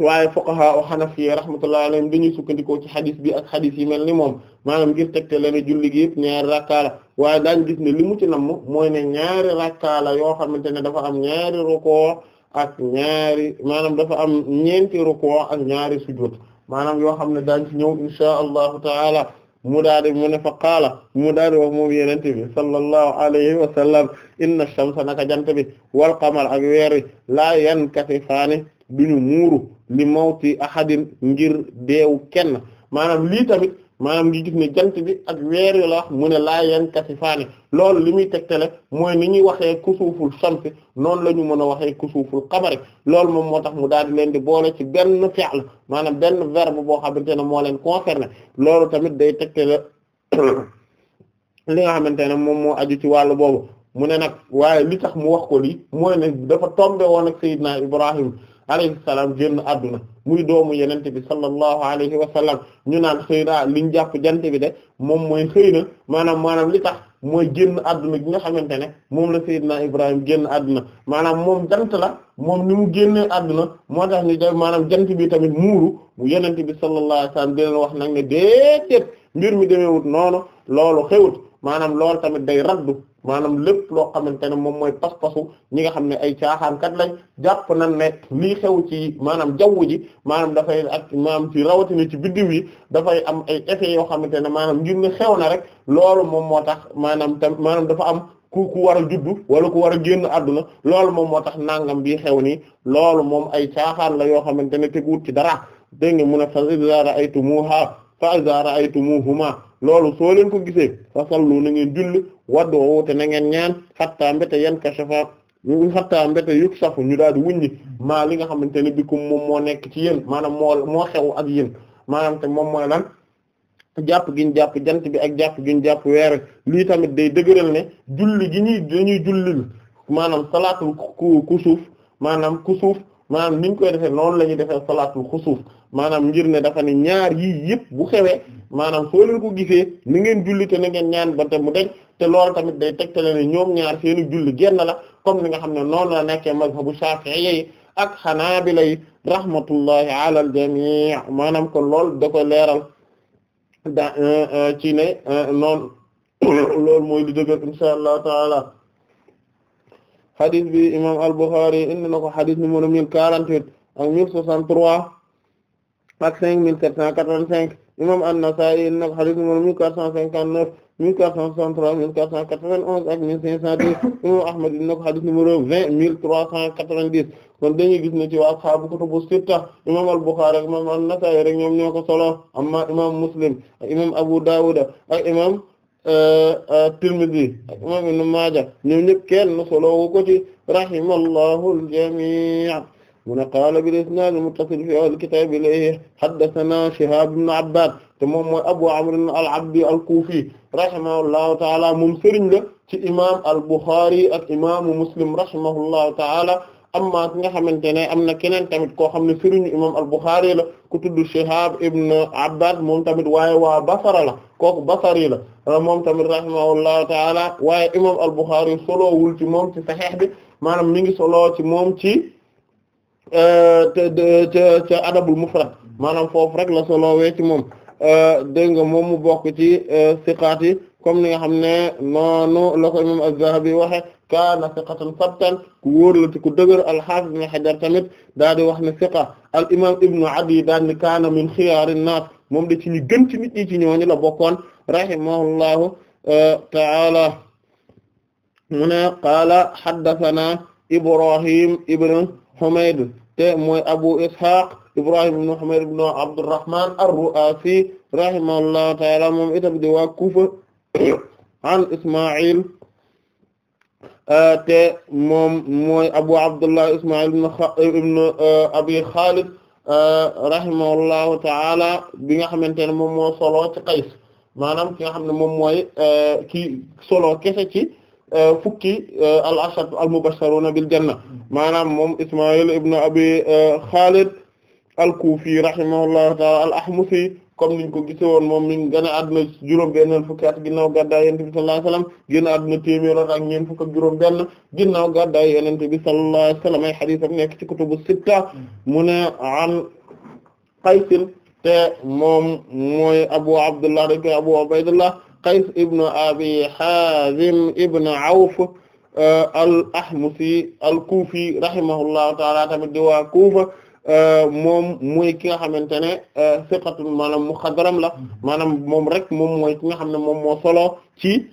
waaye fuqaha o xanafi rahmatullahi alayhim dañuy sukkandikoo ci xadis bi ak xadis yi mel ni moom maanaam ngir tegte lene julli gi yëpp ñaari rakkaa waaye daañ gis ne li mu ci namm mooy ne ñaari rakkaa la yoo xamante ne dafa am ñaari rukoo ak ñaari maanaam dafa am ñeenti rukoo ak ñaari sujud maanaam yoo xam ne daañ ci ñëw insha allahu taala mu daal mu ne fa qaala mu daal di wax moom yenente bi sallallahu alayhi wa sallam inna shamsa naka jant bi wal qamar ak weer wi laa yankasifaani duñu muuru li mawti ahadin ngir deewu kenn maanaam lii tamit maanaam ngi gis ne jant bi ak weer yu la wax mu ne laa yan kasifaani loolu li muy tegtale mooy ni ñuy waxee kusuuful shamsi noonu la ñu mën a waxee kusuuful qamari loolu moom moo tax mu daal di leen di boole ci benn fi'l maanaam benn verbe boo xamante ne moo leen concerné loolu tamit day tegtale li nga xamante ne moom moo aju ci wàllu boobu mu ne nag waaye li tax mu wax ko lii mooy ne dafa tombé woon ak Seydina Ibrahim alayhi salaam génn àdduna muy doomu yenente bi sallallahu alayhi wa sallam ñu naan xëy na liñ jàpp jant bi de moom mooy xëy na maanaam maanaam li tax mooy génn àdduna gi nga xamante ne moom la Seydina Ibrahim génn àdduna maanaam moom jant la moom ni mu génnee àdduna moo tax ni def maanaam jant bi tamit muuru mu yenente bi sallallahu alayhi wa wax nag ne déetéet mbir mi demeewut noonu loolu xewut maanaam loolu tamit day raddu maanaam lépp loo xamante ne moom mooy pas-pasu ñi nga xam ne ay kat lañ jàpp nañ ne lii xew ci maanaam jaww ji maanaam dafay ak maanaam ci rawatina ci biddiw yi dafay am ay effets yoo xamante ne maanaam ngir ne xew na rek loolu moom moo tax maanaam tam maanaam dafa am ku ku war a juddu wala ku war a génn àdduna loolu moom moo tax nangam bii xew nii loolu moom ay caaxaan la yoo xamante ne teguut ci dara dégg nga mun a fa iza ra'aytumuha fa iza ra'aytumuhuma loolu soo leen ko gisee fa sallu na ngeen julli waddoo te na ngeen ñaan xattaa mbéte yan kashafa xattaa mbéte yuk safu ñu daal di wuññi maa li nga xamante ne bikum moom moo nekk ci yéen maanaam moo moo xew ak yéen maanaam te moom mooy lan jàpp giñ jàpp jant bi ak jàpp giñ jàpp weer lii tamit day dëgëral ne julli gi ñuy dañuy jullil maanaam salaatul ku kusuuf maanaam kusuuf maanaam niñ koy defee noonu la ñuy defee salaatul xusuuf maanaam ngir ne dafa ne ñaar yii yëpp bu xewee maanaam soo leen ko gisee ni ngeen julli te na ngeen ñaan ba te te loolu tamit day tegtale ne ñoom ñaar feeni julli genn la comme ni nga xam ne noonu la nekkee mazhabu Shafi'i ak xanaa Hanabila rahmatullahi ala al jami' maanaam ko lool da ko leeral da euh, euh, ci ne euh, (coughs) mooy li dëgër insha allahu taala hadith bi imam al-Bukhari indi ko hadith numéro mille quarante-huit ak ak cinq mille sept cent quatre-vingt-cinq imam An-Nasa'i nak hadith numéro mille quatre cent cinquante-neuf mille quatre cent soixante-trois mille quatre cent quatre-vingt-onze ak mille cinq cent dix imam Ahmad nak hadith numéro vingt mille trois cent quatre-vingt-dix kon dañuy gis ne ci waa ashaabu kutubu sitta imam Al-Bukhârî imam An-Nasa'i rek ñoom ñoo ko solo amma imam Muslim ak imam Abu Dawud ak imam euh, euh, Tirmidhi ak imam Ibn Maaja ñoom ñëpp kenn solo ko rahimallahu al mu ne qaala bil isnaad al muttasil fi al kitaab ilayhi haddasanaa Shihaab ibn Abbaad te moom mooy Abu Amr al-Abdi al-Kuufi rahimahullahu ta'ala moom sëriñ la ci imaam al Buxaari ak imaamu Muslim rahimahullahu ta'ala amma ki nga xamante ne am na keneen tamit koo xam ne sëriñu imaam al Buxaari la ku tudd Shihaab ibn Abbaad moom tamit waaye waa Basra la kooku Basri la moom tamit rahimahullahu ta'ala waaye imaam al Buxaari solowul ci moom ci Saxiix bi maanaam mi ngi solo ci moom ci. Euh, te ca adabul mufrad maanaam foofu rek la solowee ci moom euh, dégg nga moom mu bokk ci euh, siqaat yi ni nga xam ne noonu la ko imam az-Zahabi waxe kaana siqatan sabtan ku wóor la te ku al-Hafiz ibn Hajar tamit daa wax ne siqa al imam ibnu Adi daan kaana min xiyaari naas moom de ci ñu gën ci nit ñi la bokkoon rahimahullahu ta'ala mu ne qaala haddathana Ibrahim ibn Humayd te mooy Abu Ishaq Ibrahim ibn Humayd ibn Abdurrahman ar-Ru'asi rahimahullahu ta'ala moom itam di waa Kufa (coughs) an Isma'il te moom mooy Abu Abdullah Isma'il ibn Abi Khalid rahimahullahu ta'ala bi nga xamante ne moom moo solo ci Qays maanaam ki nga xam ne moom mooy ki solo kese ci. Euh, fukki al ashar euh, al mubashsharuna bil janna maanaam moom Ismaïl ibn Abi Khalid euh, al-Kufi rahimahullahu ta'ala al-Ahmusi comme niñ ko gise woon moom mi ngi gën a àdduna juróom fukki at ginnaaw gàddaay yonent bi sallallahu alayhi wasallam génn àdduna téeméer ak ñeent fukk ak juróom benn ginnaaw gàddaay yonent bi sallallahu alayhi wasallam ay xadiisam nekk ci kutubu sitta mu ne an Qays te moom mooy Abu Abdullah rek Abu Ubaydullah Qays ibn Abi Haazim ibn Awf eh, al-Ahmusi al-Kufi rahimahullahu ta'ala tamit di waa Kufa eh, moom mooy ki nga xamante ne siqatun eh, maanaam muxadram la maanaam moom rek moom mooy ki nga xam ne moom moo solo ci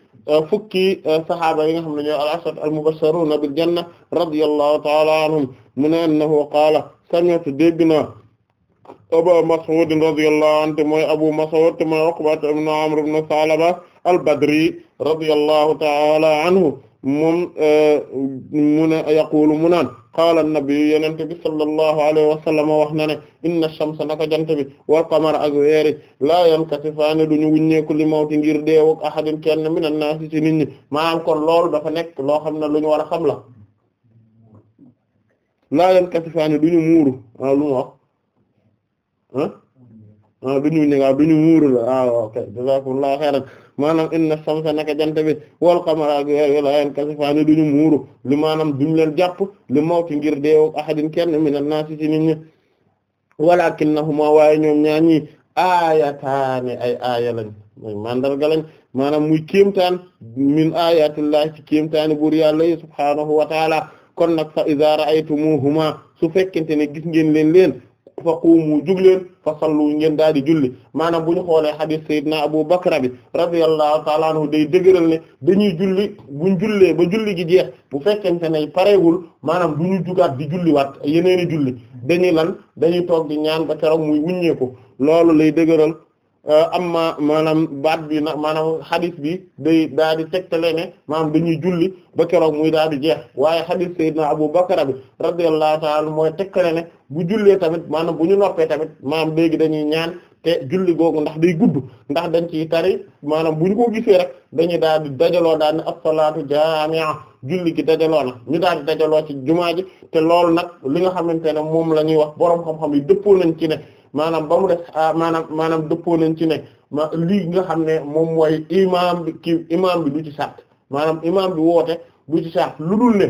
fukki saxaaba yi nga xam ne ñoo al-ashara al-mubashsharuna bil janna radiyallahu ta'ala anhum mu ne annahu qaala sami'tu dégg naa Abu Mas'ud radiyallahu anhu mooy Abu Mas'ud mooy Uqba ibn Amr ibn Salaba al-Badri radiyallahu ta'ala anhu moom eh, mu ne yaqulu mu naan qaala an-nabi yonent bi sallallahu alayhi wa sallam wax na ne inna ash-shamsa naka jant bi wal qamara ak weeri laa yankasifaani duñu wuññeeku li mawti ngir deewu ahadin kenn min an-naas ci nit ñi maanaam kon loolu dafa nekk loo xam ne lu ñu war a xam la laa yankasifaani duñu muuru ah, lu mu wax ah du ñu ñëwaat du ñu muuru la ah ok jazakumullahu khairan maanaam inna samsa naka jant bi wal qamara ak weer wi laa yankasifaani du ñu muuru li maanaam duñ leen jàpp li mawti ngir deewu ahadin kenn minan naasi ci nit ñi walaakinnahuma waaye ñoom ñaar ñii aayataani ay aaya lañ mooy mandarga lañ maanaam muy kéemtaan min aayatillahi ci kéemtaani buur yàlla yi subhaanahu wa taala kon nag fa iza ra'aytumuhuma su fekkente ne gis ngeen leen leen. fa quumu jug leen fa sallu ngeen daal di julli maanaam bu ñu xoolee xadis sayyidina Abu Bakra bi radiyallahu ta'ala anhu day dëgëral ne dañuy julli buñ jullee ba julli gi jeex bu fekkente ne parewul maanaam bu ñu jugaat di julliwaat yeneeni julli dañuy lan dañuy toog di ñaan ba keroog muy wuññeeku loolu lay dëgëral Euh, amma maanaam baat bi nag maanaam xadis bi day daal di tegtale ne maanaam dañuy julli ba keroog muy daal di jeex waaye xadis Seydina Abu Bakr bi radiyallahu ta'ala mooy tegtale ne bu jullee tamit maanaam bu ñu noppee tamit maanaam léegi dañuy ñaan te julli googu ndax day gudd ndax dañ ciy tari maanaam bu ñu ko gisee rek dañuy daal di dajaloo daal ne as-salaatu jaami'a julli gi dajaloo na ñu daal di dajaloo ci jumaa ji te loolu nag li nga xamante ne moom la ñuy wax boroom xam-xam yi dëppoo nañ ci ne. maanaam ba mu def ah, maanaam maanaam dëppoo nañ ci ne ma lii nga xam ne moom mooy imaam bi kii imaam bi du ci sart maanaam imaam bi woote bu ci sart lu dul ne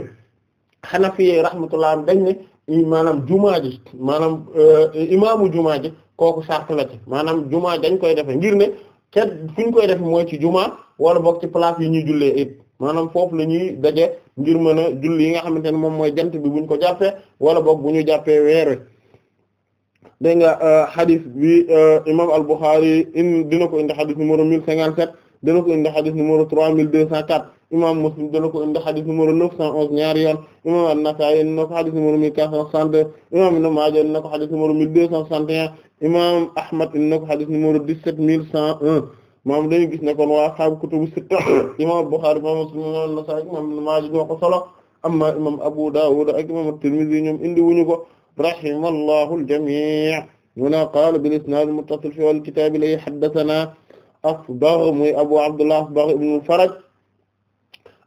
Hanafi rahmatullah dañ ne maanaam jumaa ji maanaam euh, imaamu jumaa ji kooku sart la ci maanaam jumaa dañ koy defe ngir ne ket fu koy defe mooy ci jumaa wala boog ci place yi ñuy jullee it maanaam foofu la ñuy daje ngir mën a julli yi nga xamante ne moom mooy jant bi buñ ko jàppee wala boog bu ñu jàppee weer dégg nga euh, hadith bi euh, imam al-Bukhari dina ko indi hadith numéro 1057 dina ko indi hadith numéro 3204 imam Muslim dina ko indi hadith numéro 911 ñaari yoon imam an-Nasa'i dina ko hadith numéro 1462 imam Ibn Majah dina ko hadith numéro 1261 imam Ahmad dina ko hadith numéro 17101 maam dañu gis ne kon waa xaab kutubu sitta (coughs) Muslim imam an-Nasa'i imam Ibn Majah solo amma imam Abu Dawud ak imam at-Tirmidhi ñoom indi ko rahimallahu al-jamii' mu ne qaala bil-isnaad al-muttasil fi al-kitaab li haddathanaa Asbagh muy Abu Abdullah Asbagh ibn al-Faraj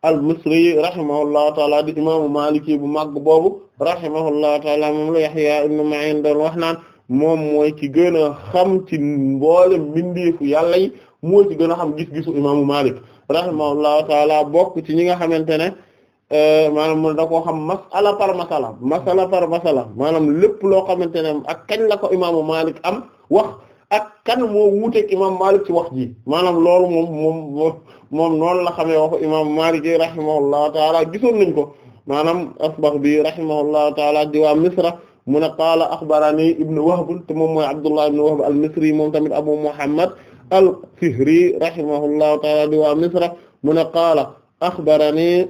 al-Misri rahimahullahu ta'ala di imaamu Maliki bu mag boobu rahimahullahu ta'ala moom la Yahya ibn Ma'in doon wax naan moom mooy ci gën a xam ci mboolem mbindeefu yàlla yi mooy ci gën a xam gis-gisu imaamu Malik rahimahullahu ta'ala bokk ci ñi nga xamante ne. Eh, maanaam mu da koo xam masala par masala masala par masala maanaam lépp loo xamante ne ak kañ la ko imaamu Malik am wax ak kan moo wuuteeg imaamu Malik ci wax ji maanaam loolu moom moom moom noonu la xamee waxu imaamu Malik yi rahimahullahu taala gisoon nañ ko maanaam asbax bi rahimahullahu taala di waa Misra mu ne qaala axbarani ibnu Wahb te moom mooy Abdullah ibnu Wahb al-Misri moom tamit Abu Muhammad al-Fihri rahimahullahu taala di waa Misra mu ne qaala axbarani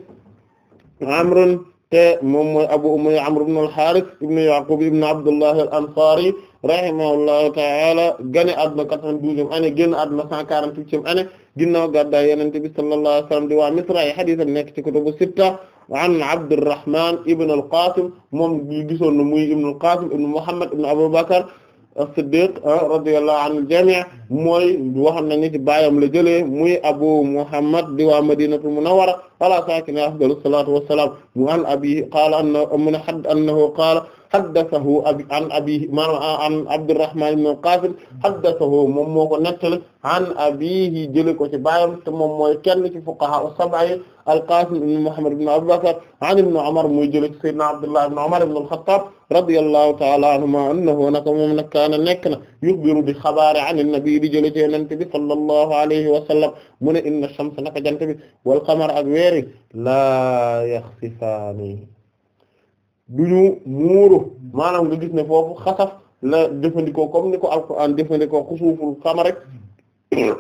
amrun te moom mooy abu umayya amr ibn al-harith ibn yaqub ibn abdullah al-ansari rahimahullahu ta'ala gane àdduna 92e année génn àdduna 148e année ginnaaw gàddaay yonent bi sallallahu alayhi wa sallam di waa misra ay hadiisam nekk ci kutubu sitta an abdurrahman ibn al-qasim moom gisoon na muy ibn al-qasim ibn muhammad ibn abubakar as-Siddiq ah, radiyallahu anil jami' mooy waxam nañu ci baayam la jëlee muy Abu Muhammad di waa Madinatul Munawwara ala saakinihaa afdalu salaatu wa salaam mu an abiihi qaala annahu qaala haddathahu an abiihi maanaam ah, an Abdurrahmaan ibn Qaasim haddathahu moom moo ko nettali an abiihi jëlee ko ci baayam te moom mooy kenn ci fuqahaa as-sab'a al-Qaasim ibn Muhammad ibn Abuu Bakr an ibn Umar muy jëlee ci Sayyidinaa Abdullah ibn Umar ibn al-Khattaab radiyallahu taala anhuma annahu naka moom nag kaana nekk na yuxbiru di xabaare an nabi di jële ci yonent bi sallallahu alayhi wa sallam inna shamsa naka jant bi wal qamar ak weeri laa yaxsifaani duñu muuru maanaam nga gis ne foofu xasaf la jëfandikoo comme ni ko alquran jëfandikoo xusuuful qamar rek (coughs)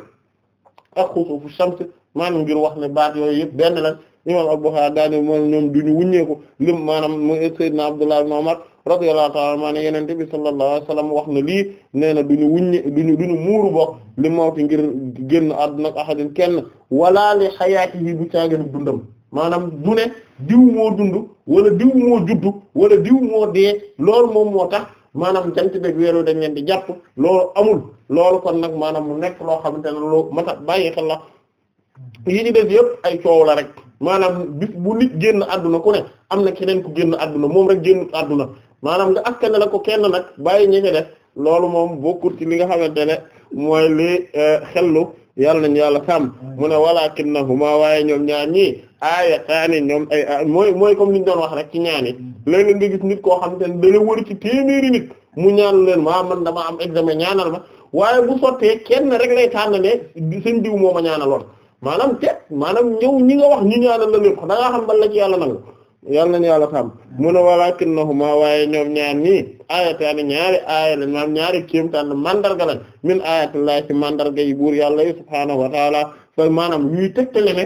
ak xusuufu shams maanaam ngir wax ne baat yooyu yëpp benn la imam al-Bukhari daane moom ñoom duñu wuññeeku lim maanaam mu sayyidna Abdullah ibn Umar radiyallahu ta'ala maa ne yenente bi sallallahu alayhi wasallam wax na lii nee na duñu wuññi duñu duñu muuru bokk li mawti ngir génn àdduna ak ahadin kenn wala li xayaatihi bu caageen dundam maanaam du ne diw moo dund wala diw moo juddu wala diw moo dee loolu moom moo tax maanaam jant beeg weeru dañ leen di jàpp loolu amul loolu kon nag maanaam mu nekk loo xamante ne loo mata bàyyi xel la yi ñu def yëpp ay coow la rek maanaam bu nit génn àdduna ku am na keneen ku génn àdduna moom rek génn àdduna maanaam nga askane la ko kenn nag bàyyi ñi ci def loolu moom bokkul ci li nga xamante ne mooy li eh, xellu yàlla nañu yàlla sàmm mu ne walaakinnahuma waaye ñoom ñaar ñii aayataani ñoom ay ah, mooy mooy comme li ñu doon wax rek ci ñaan yi mm. léeg gis nit koo xam te ne dana wër ci téeméeri nit mu ñaan leen maa man dama am examen ñaanal ma waaye bu sottee kenn rek lay tànnalee seen diw moo ma ñaanaloon maanaam te maanaam ñëw ñi nga wax ñu ñaanal la leen ko da ngaa xam ban la ci yàlla nangu yàlla nañu yàlla a mu ne walaakinnahuma waaye ñoom ñaar ñii ayataani ñaari aaya lañ maam ñaari kéemtaan mandarga lañ min ayatillahi ci mandarga yi buur yàlla yi subhaanahu wa taala fa maanaam ñuy tegtale ne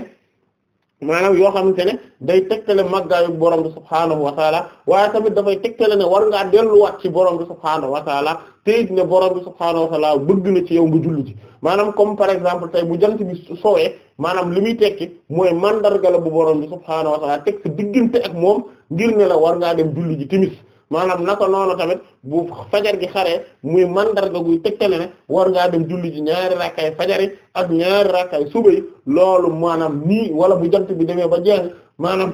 maanaam yoo xamante ne day tegtale màggaayu borom bi subhaanahu wa taala waaye tamit dafay tegtale ne war ngaa delluwaat ci borom bi subhaanahu wa taala teyit ne borom bi subhaanahu wa taala bëgg na ci yow bu julli ci maanaam comme par exemple tey bu jant bi soowee maanaam li muy tekki mooy man la bu borom bi subhaanahu wa taala teg sa moom ngir ne la war ngaa dem julli ji timis maanaam naka noonu tamit bu fajar gi xaree muy mandarga guy tegtale ne war ngaa dem julli ji ñaari rakkay fajari ak ñaari rakkay suba loolu maanaam nii wala bu jant bi demee ba jeex maanaam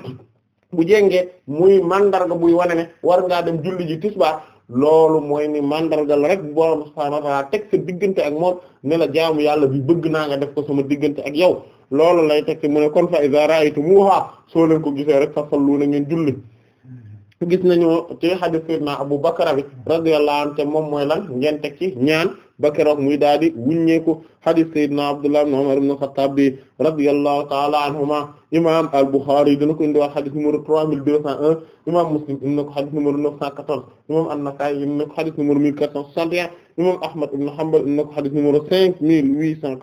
bu jengee muy mandarga buy wane ne war ngaa dem julli ji tisbaar loolu mooy ni mandarga la rek borom subhaanahu wa ta'aala diggante ak moom ne la jaamu yàlla bi bëgg naa nga def ko sama diggante ak yow loolu lay teg ci mu ne kon fa iza ra'aytumuha soo leen ko gisee rek fa sallu na ngeen julli gis nañu ci hadith sayyidina Abu Bakr bi radiyallahu anhu te moom mooy lan ngeen teg ñaan ba keroog muy daal di wuññeeku hadith sayyidina Abdullah ibn Umar ibn Khattab bi radiyallahu ta'ala anhuma imam al-Bukhari dina ko indiwaat hadith numéro 3201 imam Muslim dina ko hadith numéro 914 imam An-Nasa'i dina ko hadith numéro 1461 imam Ahmad ibn Hanbal dina ko hadith numéro 5883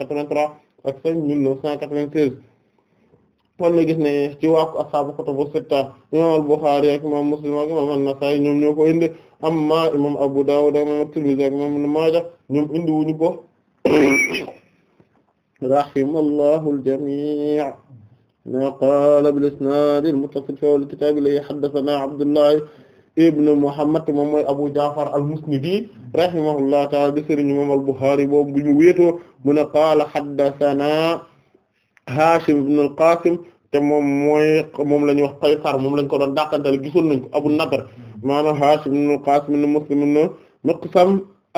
ak kon gis ne ci waa ashaabu kutubu sitta imam al-Bukhari imam Muslim ak imam an-Nasa'i ñoom ñoo ko indi amma imam Abu Dawud ak imam at-Tirmidhi ak imam Ibn Maaja ñoom indi wuñu ko (coughs) rahimallahu al-jamii' ma qaala bil-isnaad al-muttasil fi al-kitaab alladhi haddathanaa Abdullah ibn Muhammad moom mooy Abu Ja'far al-Musnidi rahimahullahu ta'ala di bu ñu wéetoo mu ne qaala haddathanaa ibn al te moom mooy moom la ñuy wax Qaysar moom lañ ko doon dàqantale gisoon nañ ko Abu Nadr maanaam Hashim ibn Qasim ibn Muslim ibn Miqsam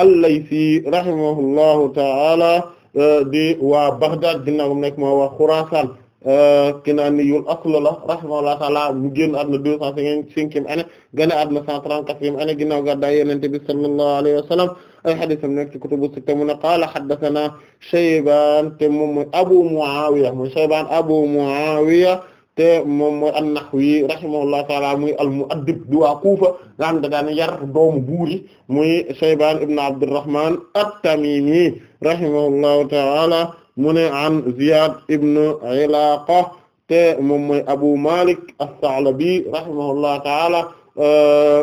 al-Laythi rahimahullahu ta'ala di waa Baghdad ginnaaw nekk moo waa Khurasan Euh, Kinaaniyul aslu la rahimahullahu ta'ala mu génn àdduna deux cent cinquante-cinquième année génn àdduna cent trente-quatrième année ginnaaw gàddaay Yonent bi sallallahu alayhi wa sallam ay hadiisam nekk ci kutubu sitta mu ne qaala haddathanaa Shaybaan te moom mooy Abu Mu'aawiya mooy Shaybaan Abu Mu'aawiya te moom mooy an-Nahwi rahimahullahu ta'ala muy al-mu'addib di waa Kufa nga xam ne daan yar doomu buuri muy Shaybaan ibn Abdurrahmaan at-Tamiimi rahimahullahu ta'ala mu ne an Ziyad ibn Ilaqa te moom mooy Abu Malik as-Sa'labi rahimahullahu ta'ala euh,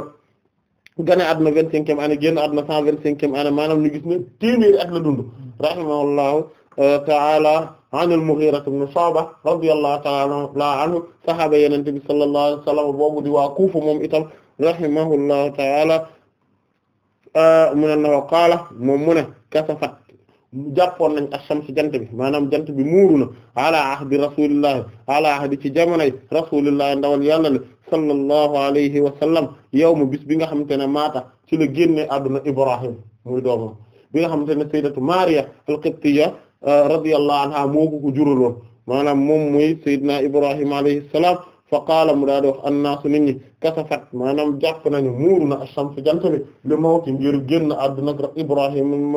gane àdduna vingt-cinquième année génn àdduna cent vingt-cinquième année maanaam ñu gis ne téeméeri at la dund rahimahullahu euh, ta'ala an al-Mughira ibn Shu'ba radiyallahu ta'ala anhu sahaaba Yonent bi sallallahu alayhi wa sallam boobu di waa Kuufa moom itam rahimahullahu ta'ala euh, mu ne na qaala moom mu ne kasafat jàppoon nañ ash-shamsu jant bi maanaam jant bi muuru na ala ahdi rasulillahi ala ahdi ci jamonoy rasulillahi ndawal yàlla le sallallahu alayhi wa sallam yawmu bis bi nga xamante ne maata ci la génne adduna Ibrahim muy doomam bi nga xamante ne sayyidatu Maria al-Qibtiyya uh, radiyallahu anha moo ko ko juraloon maanaam moom muy sayyidina Ibrahim alayhi salaam fa qaala mu daa di wax annaasu nit ñi kasafat maanaam jàpp nañu na ash-shams jant bi li mawti ngir génn àdduna Ibrahim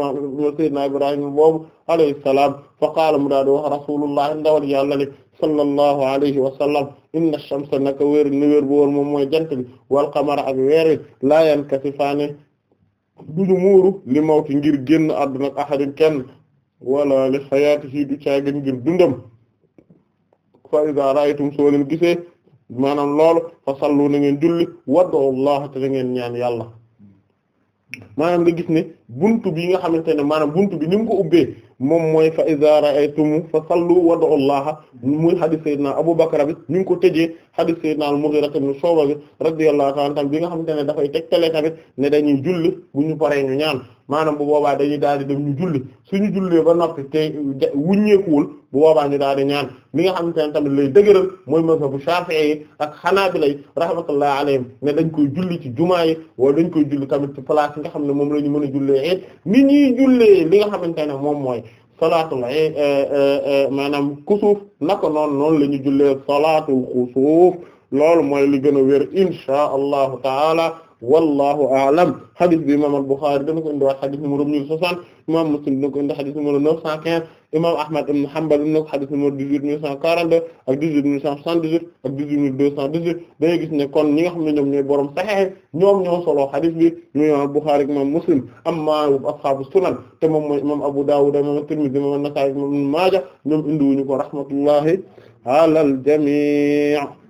sayyidina Ibrahim boobu alayhi salaam fa qaala mu daa di wax rasulullah ndawal yàlla li sallallahu alayhi wa sallam inna shamsa naka wéer ni wéer bu wóor moom mooy jant bi wal qamara ak weer wi laa yankasifaani duñu muuru li mawti ngir génn àdduna ahadin kenn wala li hayaatihi du caagin ngir dundam fa iza ra'aytum soo leen maanaam loolu fa sallu na ngeen julli wad'ullaha te na ngeen ñaan yàlla maanaam nga gis ne buntu bi nga xamante ne maanaam buntu bi ni mu ko ubbee moom mooy fa iza ra'aytum fa sallu wad'ullaha muy hadith sayyidina Abu Bakr bi ñu ngi ko tëjee hadith sayyidina al-Mughira ibn Shu'ba bi radiyallahu ta'ala anhu bi nga xamante ne dafay tegtale tamit ne dañuy julli bu ñu paree ñu ñaan maanaam bu boobaa dañuy daal di dem ñu julli suñu jullee ba noppi te wuññeekuwul bu boobaa ñu daal di ñaan li nga xamante ne tamit lay dëgëral mooy mazhabu Shafi'i yi ak Hanabila yi rahmatullah alayhim ne dañ koy julli ci jumaa yi wala dañ koy julli tamit ci place yi nga xam ne moom la ñu mën a jullee ni ñuy jullee li nga xamante ne moom mooy salaatul eh, eh, eh, maanaam kusuuf naka noonu noonu la ñu jullee salaatul kusuuf loolu mooy li gën a wér insha allahu taala wallahu a'lam hadith bi imam al-Bukhari dana ko indiwaat hadith numéro 1060 imam Muslim dana ko indi hadith numéro 915 imam Ahmad ibn Hanbal dana ko hadith numéro 18142 ak 18178 ak 18218 da ngay gis ne kon ñi nga xam ne ñoom ñooy borom Sahih ñoom ñoo solo hadith bi ñu imam al-Bukhari ak imam Muslim amma ashabu sunan te moom mooy imam Abu Dawud imam Tirmidhi imam Nasa'i imam Ibn Maaja ñoom indiwuñu ko rahmatullahi ala al-jami'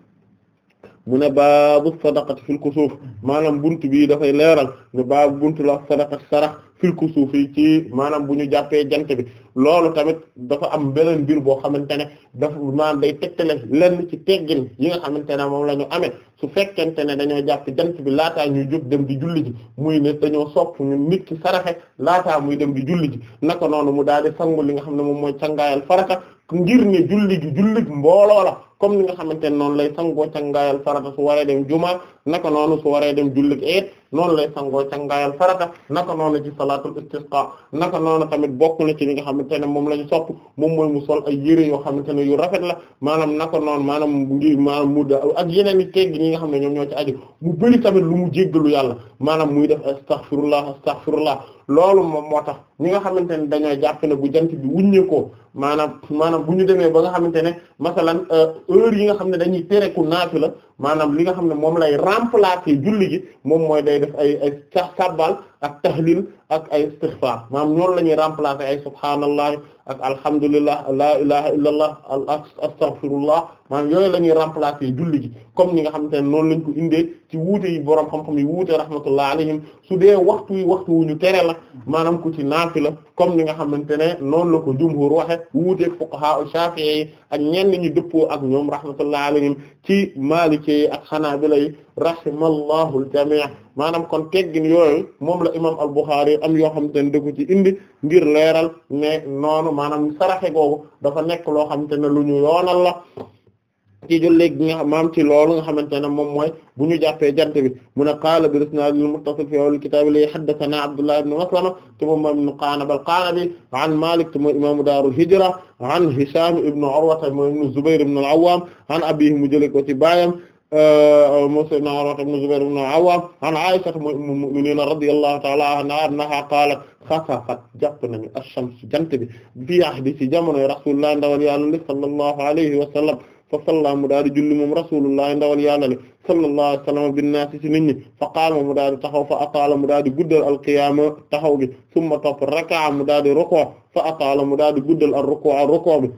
mu ne baabu sadaqati fil kusuuf maanaam buntu bii dafay leeral ne baabu bunt la sadaqati sarax fil kusuuf yi ci maanaam bu ñu jàppee jant bi loolu tamit dafa am beneen mbir boo xamante ne dafa maanaam day tegtale lenn ci teggin yi nga xamante ne moom la ñu amee su fekkente ne dañoo jàpp jant bi laataa ñuy jóg dem di julli ji muy ne dañoo sopp ñu nit ki saraxe laataa muy dem di julli ji naka noonu mu daal di sangu li nga xam ne moom mooy cangaayal farata ngir julli gi jullig mbooloo comme ni nga xamante ne noonu lay sangoo cangaayal farata su waree dem juma naka noonu su waree dem jullit eet noonu lay sangoo cangaayal farata naka noonu ci salaatul istisqa naka noonu tamit bokk na ci li nga xamante ne moom la ñu sopp moom mooy mu sol ay yére yoo xamante ne yu rafet la maanaam naka noonu maanaam ngi maanaam mu ak yeneen i tegg ñi nga xam ne ñoom ñoo ci aju mu bëri tamit lu mu jéggalu yàlla maanaam muy def astaghfirullah astaghfirullah loolu moom moo tax ñi nga xamante ne dañoo jàpp ne bu jant bi wuññeekoo maanaam maanaam bu ñu demee ba nga xamante ne masalan euh, heure yi nga xam ne dañuy tere ku naafila maanaam li nga xam ne moom lay remplacer julli gi moom mooy day def ay ay sabbal ak tahlil ak ay istighfar maanaam ñoom la ñuy remplacer ay subhaanallah ak alhamdulillah la ilaha illallah ak astaghfirullah maanaam yooy la ñuy remplacer julli gi comme ni nga xamante ne noonu lañ ko ci wuute yi boroom xam-xam yi wuute rahmatullah alayhim su dee waxtu yi waxtu wu ñu tere la maanaam ku ci naafila comme ni nga xamante ne noonu la ko jumhur waxe wuuteeg fuqaha shafi'i yi ak ñenn ñi dëppoo ak ñoom rahmatullah alayhim ci maliki yi ak xanaabila yi rahimallahu al-jamii' maanaam kon teggin yooyu moom la imam al-Bukhârî am yoo xamante ne dëggu ci indi ngir leeral ne noonu maanaam saraxe googu dafa nekk loo xamante ne lu ñu yoonal la ci julli gi nga maam ci loolu nga xamante ne moom mooy bu ñu jàppee jant bi mu ne qaala bi isnaadil muttasil fi awwalil kitaab li haddathanaa Abdullah ibn Maslama te moom mooy ibn Qa'nab al-Qa'nabi an Maalik te mooy imaamu daarul hijra an Hishaam ibn Urwa mooy ibn Zubayr ibn mu jëlee ko ci baayam Sayyidina Urwa ibn Zubayr ibn Awwam an Aisha ummul mu'minin radiyallahu ta'ala anha qalat xasafat jàpp nañu ash-shams jant bi bi ahdi ci jamonoy Rasulullah ndawal Yàlla sallallahu alayhi wa sallam fa salla mu daal di julli moom rasulullah ndawal yàlla le sallallahu alayhi wa sallam binnaasi si fa qaama mu daal di taxaw fa ataala mu daal di guddal alqiyaama taxaw gi summa topp rakaa mu daal mu daal di guddal al rukoo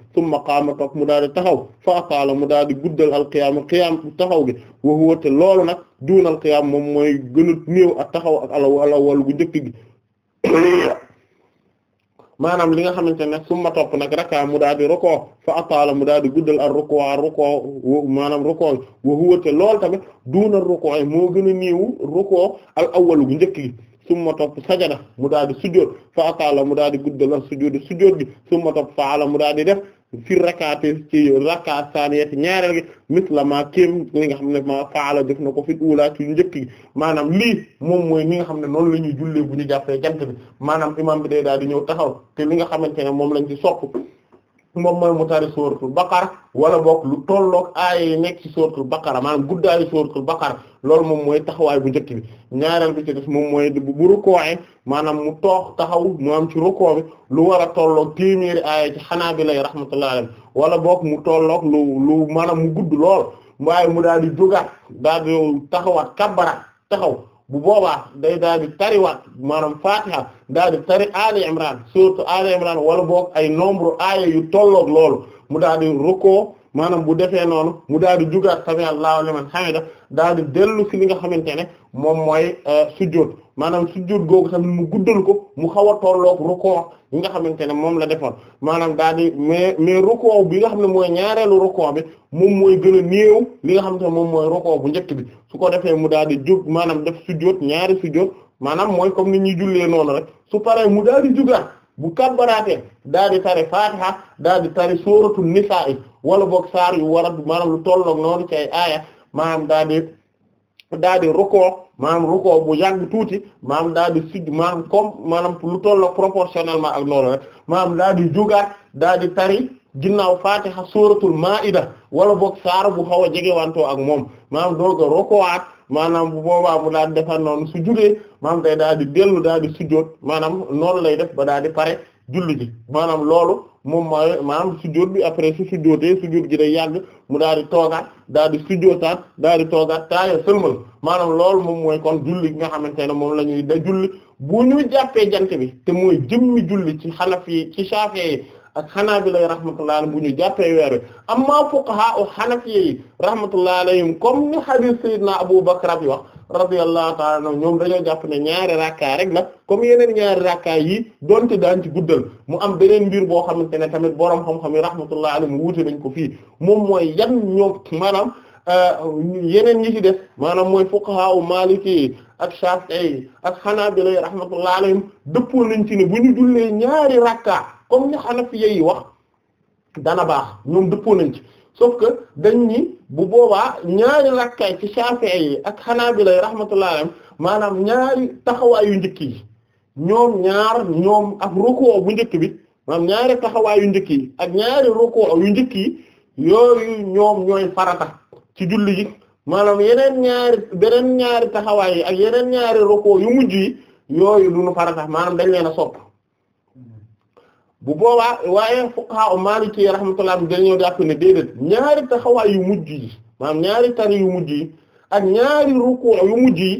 qaama topp mu daal di taxaw fa ataala mu daal di guddal alqiyaama qiyaam taxaw bi wa huwa te loolu nag duunal moom mooy gënu néew ak taxaw ak alawal gu njëkk gi maanaam li nga xamante ne summa topp nag raka mu daal di rukoo fa mu daal di guddal ar rukoo ar rukoo maanaam rukoo wa huwa te lool tamit duuna rukoo yi moo gën a niiwu rukoo al awwalu gu njëkk gi summa topp sajada mu daal di sujjóot fa ataala mu daal di guddal ar sujjóot sujjóot gi summa topp faala mu daal di def fi rakkaati ci rakkaat saaniyati ñaareel gi misla ma kéem li nga xam ne ma faala def na ko fi uulaa ci njëkk gi maanaam lii moom mooy ni nga xam ne noonu la ñuy jullee bu ñu jàppee jant bi maanaam imam bi day daal di ñëw taxaw te li nga xamante ne moom lañ ci sopp moom mooy mu tari sóoratul baqara wala boog lu tolloog aaya yi nekk ci sóoratul baqara maanaam guddaayu sóoratul baqara loolu moom mooy taxawaay bu njëkk bi ñaareel bi ci def moom mooy bu rukkooee maanaam mu toox taxaw mu am ci rukkoo bi lu war a tolloog téeméeri aaya ci xanaa bi lay rahmatullahi alayhi wala boog mu tolloog lu lu maanaam mu gudd lool waaye mu daal di jógaat daal di taxawaat kabbara taxaw bu boobaa day daal di tariwaat maanaam fatiha daal di tari Ali Imran surtout Ali wala boog ay nombre aaya yu tolloog loolu mu daal di rukkoo maanaam bu defee noonu mu daal di jugaat sami Allahu liman hamida daal di dellu ci li nga xamante ne moom mooy euh, sujjóot maanaam sujjóot googu tamit mu guddal ko mu xaw a tolloog rukoo bi nga xamante ne moom la defoon maanaam daal di mais mais bi nga xam ne mooy ñaareelu rukoo bi moom mooy gën a néew li nga xam ne moom mooy rukoo bu njëkk bi su ko defee mu daal di jóg maanaam def sujjóot ñaari sujjóot maanaam mooy comme ni ñuy jullee noonu rek su paree mu daal di jugaat bu kabbaraatee daal di tari Fatiha daal di tari sóoratu Nisaa wala boog saar yu war a maanaam lu tolloog noonu ci ay aaya maanaam daa di daa di rukoo maanaam rukoo bu yàgg tuuti maanaam daa di sujj maanaam comme maanaam lu tolloog proportionnellement ak loolu rek maanaam daa di jógaat daa di tari ginnaaw fatiha suratul maida wala boog saar bu xaw a jegewantoo ak moom maanaam dooga rokowaat maanaam bu boobaa mu daal di defar noonu su jugee maanaam day daal di dellu daal di sujjoot maanaam noonu lay def ba daal di pare julli bi maanaam loolu moom mooy maanaam sujjóot bi après su sujjóotee sujjóot gi day yàgg mu daal di toogaat daal di sujjóotaat daal di toogaat taaya sëlmal maanaam loolu moom mooy kon julli nga xamante ne moom la ñuy da julli bu ñu jàppee jant bi te mooy jëmmi julli ci xalaf yi ci saafee yi ak xanaabila rahmatullahi alayhim bu ñu jàppee weer wi amma fuqaha u xanafiya yi rahmatullahi alayhim comme ni hadith sayyidina Abu Bakr bi wax radiyallahu ta'ala anhu ñoom dañoo jàpp ne ñaari rakkaa rek la comme yeneen ñaari rakkaa yi donte daan ci guddal mu am beneen mbir boo xamante ne tamit borom xam-xam yi rahmatullahi alayhim wuute nañ ko fii moom mooy yan ñoom maanaam euh, yeneen ñi ci def maanaam mooy fuqaha u ki ak shafi'i ak xanaa xanaabila rahmatullahi alayhim dëppoo nañ ci ne bu ñu jullee ñaari rakkaa comme ñu Hanafiya yi wax dana baax ñoom dëppoo nañ ci sauf que dañ ñi bu boobaa ñaari rakkaay ci Shafi'i yi ak xanaa bilay rahmatullahi alayhim maanaam ñaari taxawaayu njëkk yi ñoom ñaar ñoom ak bu njëkk bi maanaam ñaari taxawaayu njëkk yi ak ñaari ruku yu njëkk yi yooyu ñoom ñooy farata ci julli yi maanaam yeneen ñaari beneen ñaari taxawaay yi ak yeneen ñaari ruku yu mujj yi yooyu lu nu farata maanaam dañ leen a sopp bu booba waaye fuqaha u Maliki rahmatullah dañoo jàpp ne déedéet ñaari taxawaay yu mujj yi maanaam ñaari tari yu mujj yi ak ñaari ruku yu mujj yi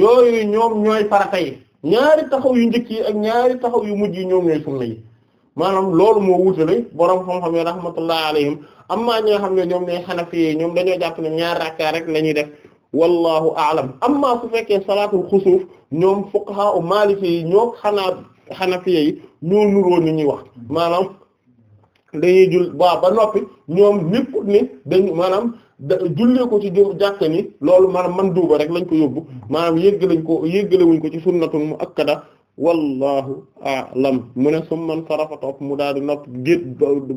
yooyu ñoom ñooy farata yi ñaari taxaw yu njëkk yi ak ñaari taxaw yu mujj yi ñoom ñooy sunna yi maanaam loolu moo wutale borom xam-xam yi rahmatullah alayhim amma ñi nga xam ne ñoom ñooy Hanafi ñoom dañoo jàpp ne ñaari rakka rek la ñuy def wallahu a'lam amma su fekkee salaatul xusuuf ñoom fuqaha u Maliki yi ñoo xanaa xanafiya yi ñoo nuroo ni ñuy wax maanaam dañuy jul waaw ba noppi ñoom nekkul ni dañ maanaam da jullee ko ci jàkk ni loolu maanaam man duuba rek lañ ko yóbbu maanaam yëgg lañ ko yëggalewuñ ko ci sunnatun mu akkada wallahu a'lam mu ne su man sarafa topp mu daal di nopp géet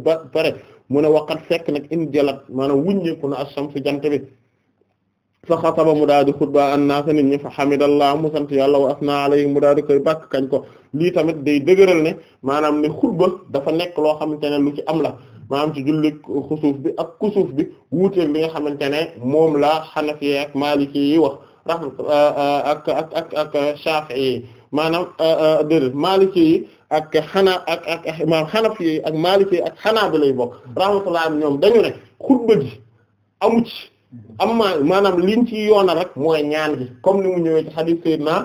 ba pare mu ne waqat fekk nag in jalat maanaam wuññeeku na asam su jant bi fa xataba mu daal di xutba an naasa nit ñi fa hamidallah mu sant yàlla wa asna alayhi mu daal di koy bàkk kañ ko lii tamit day dëgëral ne maanaam ne xutba dafa nekk loo xamante ne lu ci am la maanaam ci julli xusuuf bi ak kusuuf bi wuuteeg li nga xamante ne moom la xanafi ak maliki yi wax euh, euh, ak ak ak ak yi maanaam euh, déedéet maliki yi ak xana ak ak maanaam ak maliki ak xanaa bi lay bokk rahmatullah ñoom dañu ne xutba ji am maa maanaam liñ ci yoona rek mooy ñaan gi comme ni mu ñëwee ci hadith Seydina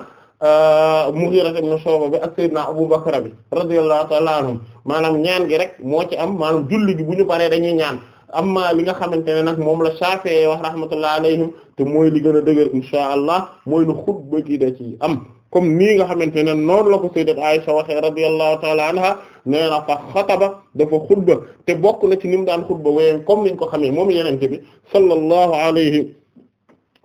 euh, Mughira ibn Shu'ba bi ak Seydina Abu Bakr bi radiyallahu ta'ala anhum maanaam ñaan gi rek moo ci am maanaam julli gi bu ñu paree dañuy ñaan am maa li nga xamante ne nag moom la Shafi'i wax rahmatullahi alayhim te mooy li gën a dëgër insha allah mooy nu xutba gi da ci am comme nii nga xamante ne noonu la ko sayyidat Aisha waxee radiyallahu ta'ala anha nee a fa xataba dafa xutba te bokk na ci ni mu daan xutba waaye comme niñ ko xamee moom yenente bi sallallahu alayhi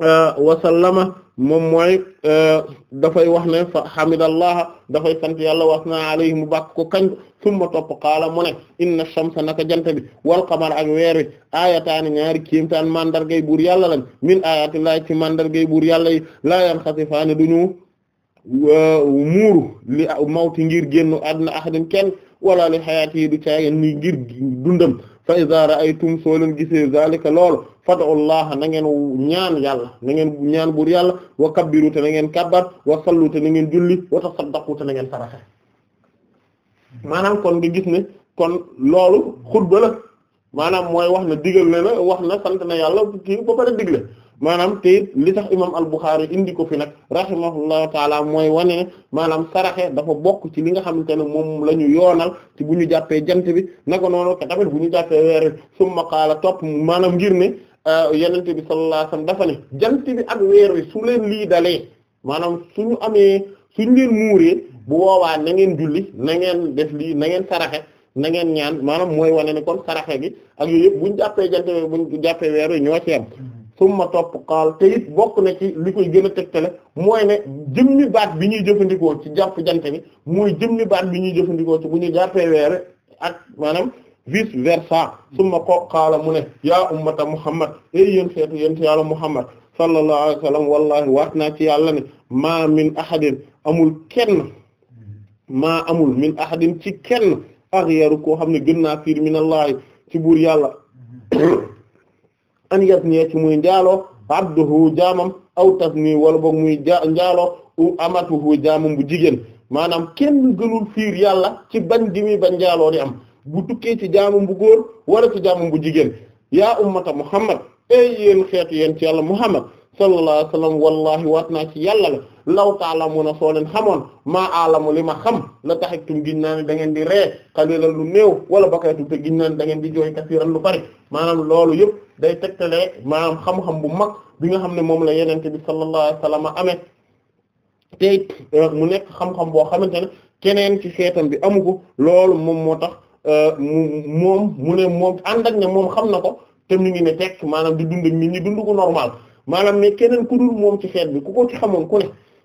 euh, wa sallama moom mooy euh, dafay wax ne fa hamidallah dafay sant yàlla wa asna alayhi mu bàkk ko kañ summa topp qaala mu ne inna shamsa naka jant bi wal qamar ak weer wi aayataani ñaari kéimtaan mandargay buur yàlla lañ min aayatillahi ci mandargay buur yàlla yi laa yan muuru li mawti ngir génn àdduna ahadin kenn wala li xayaati du caagin ni ngir dundam fa iza ra'aytum soo leen gisee zalika loolu fad'u llaha na ngeen ñaan yàlla na ngeen ñaan buur yàlla wa kabbiru te na ngeen kabbar wa sallu te na ngeen julli wa tasaddaqu te na ngeen saraxe maanaam kon nga gis kon loolu xutba la maanaam mooy wax na digal ne wax na sant na yàlla kii digle maanaam te li tax imam al-Bukhari indi ko fi nag rahimahullahu taala mooy wane ne maanaam saraxe dafa bokk ci li nga xamante ne moom la ñu yoonal ci bu ñu jàppee jant bi naka noonu ka tamit bu ñu jàppee weer summa qaala topp maanaam ngir ne euh, yonent bi sallallahu alayhi wasallam dafa jant ak weer wi su leen lii dalee maanaam suñu amee suñ leen muuree bu boobaa na ngeen julli na ngeen def lii na ngeen saraxe na ngeen ñaan maanaam mooy wane ne kon saraxe gi ak yooyu yëpp bu ñu jàppee jant bu ñu jàppee weer wi ñoo ci am summa topp qaal te bokk na ci li gën a tegtale mooy ne jëmmi baat bi ñuy jëfandikoo ci jàpp jant bi mooy jëmmi baat bi ñuy jëfandikoo ci bu ñu jàppee ak maanaam vice versa summa ko qaala mu ne ya ummata muhammad ay yéen seetu yéen ci yàlla muhammad sallallahu alayhi wa wallahi waat naa ci yàlla ne maa min ahadin amul kenn maa amul min ahadin ci kenn aghyaru koo xam ne gën naa fiir minallahi ci buur yàlla an yatniya ci muy njaaloo abduhu jaamam aw tasni wala boog muy ja njaaloo u amatuhu jaamam bu jigéen maanaam kenn gënul fiir yàlla ci bañ gi muy bañ njaaloo di am bu tukkee ci jaamam bu góor wara ci jaamam bu jigéen yaa ummata muhammad ay yéen xeetu yéen ci yàlla muhammad sallallahu alayhi wa sallam wallahi waat naa ci yàlla law ta'lamuna soo leen xamoon maa aalamu li ma xam la taxiktum giñ naa ne da ngeen di ree xalilan lu néew wala bakaytum te giñ naa ne da ngeen di jooy kasiran lu bari maanaam loolu yëpp day tegtalee maanaam xam-xam bu mag bi nga xam ne moom la yenente bi sallallahu alayhi wasallam amee tey euh, mu nekk xam-xam boo xamante ne keneen ci xeetam bi amu loolu moom moo tax euh, mu moom mu ne moom ànd ak ne moom xam na ko te mu ngi ne tekk maanaam di dund nit ñi dund ko normal maanaam ne keneen ku moom ci xeet bi ko ci xamoon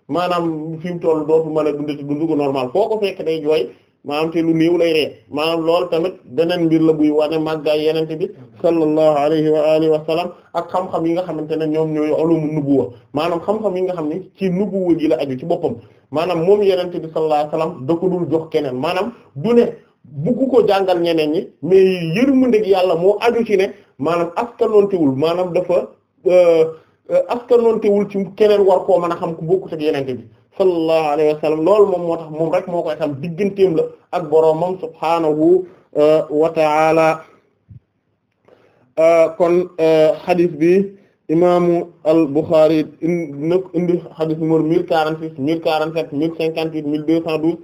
maanaam fi mu toll dootu mën a dundati dundu gu normal foo ko fekk day jooy maanaam te lu néew lay ree maanaam loolu tamit beneen mbir la buy wane màggaay yenente bi sallallahu alayhi wa alihi wa sallam ak xam-xam yi nga xamante ne ñoom ñooy ulumu nubuwa maanaam xam-xam yi nga xam ne ci nubuwa gi la aju ci boppam maanaam moom yenente bi sallallahu alayhi wa sallam da ko dul jox keneen maanaam du ne bugg ko jàngal ñeneen ñi mais yërmandeg yàlla moo aju ci ne maanaam maanaam dafa euh, askanontewul euh, ci keneen war koo mën a xam ku bokkut ak yenente bi sallallahu alayhi wa sallam loolu moom moo tax moom rek moo koy xam digganteem la ak boroomam subhaanahu euh, wa ta'ala euh, kon hadith bi imaamu al Bukhari indi indi hadith numéro mille quarante six mille quarante sept mille cinquante huit mille deux cent douze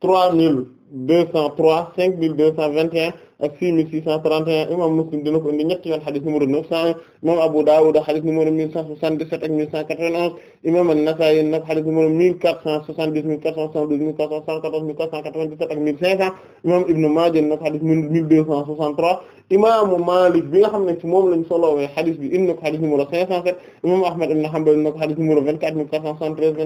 trois mille deux cent trois cinq mille deux cent vingt et un ak 6631 imam Muslim dina ko indi ñetti yoon xadis numéro 900 imam Abu Dawud xadis numéro 1177 ak 1191 imam An-Nasa'i nag xadis numéro 1470 1472 1414 1497 ak 1500 imam Ibn Majah nag xadis 1263 imaamu Malik bi nga xam ne ci moom lañ solowee xadis bi indi na ko xadis numéro 507 imam Ahmad ibn Hanbal indi na ko xadis numéro 24473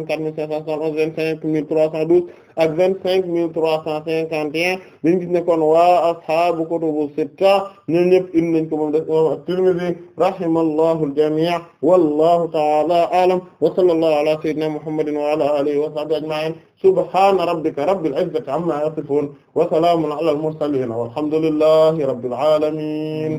24571 25312 ak vingt-cinq mille trois cent cinquante et un dañ gis ne kon waa ashaabu kutubu sitta ñoom ñëpp indi nañ ko moom def imam at-Tirmidhi rahimallahu al-jami' wallahu ta'ala a'lam wa sallallahu ala sayyidina muhammadin wa ala alihi wa sahbihi ajma'in subhana rabbika rabbil izzati amma yasifun wa salamun ala al-mursalin walhamdulillahi rabbil alamin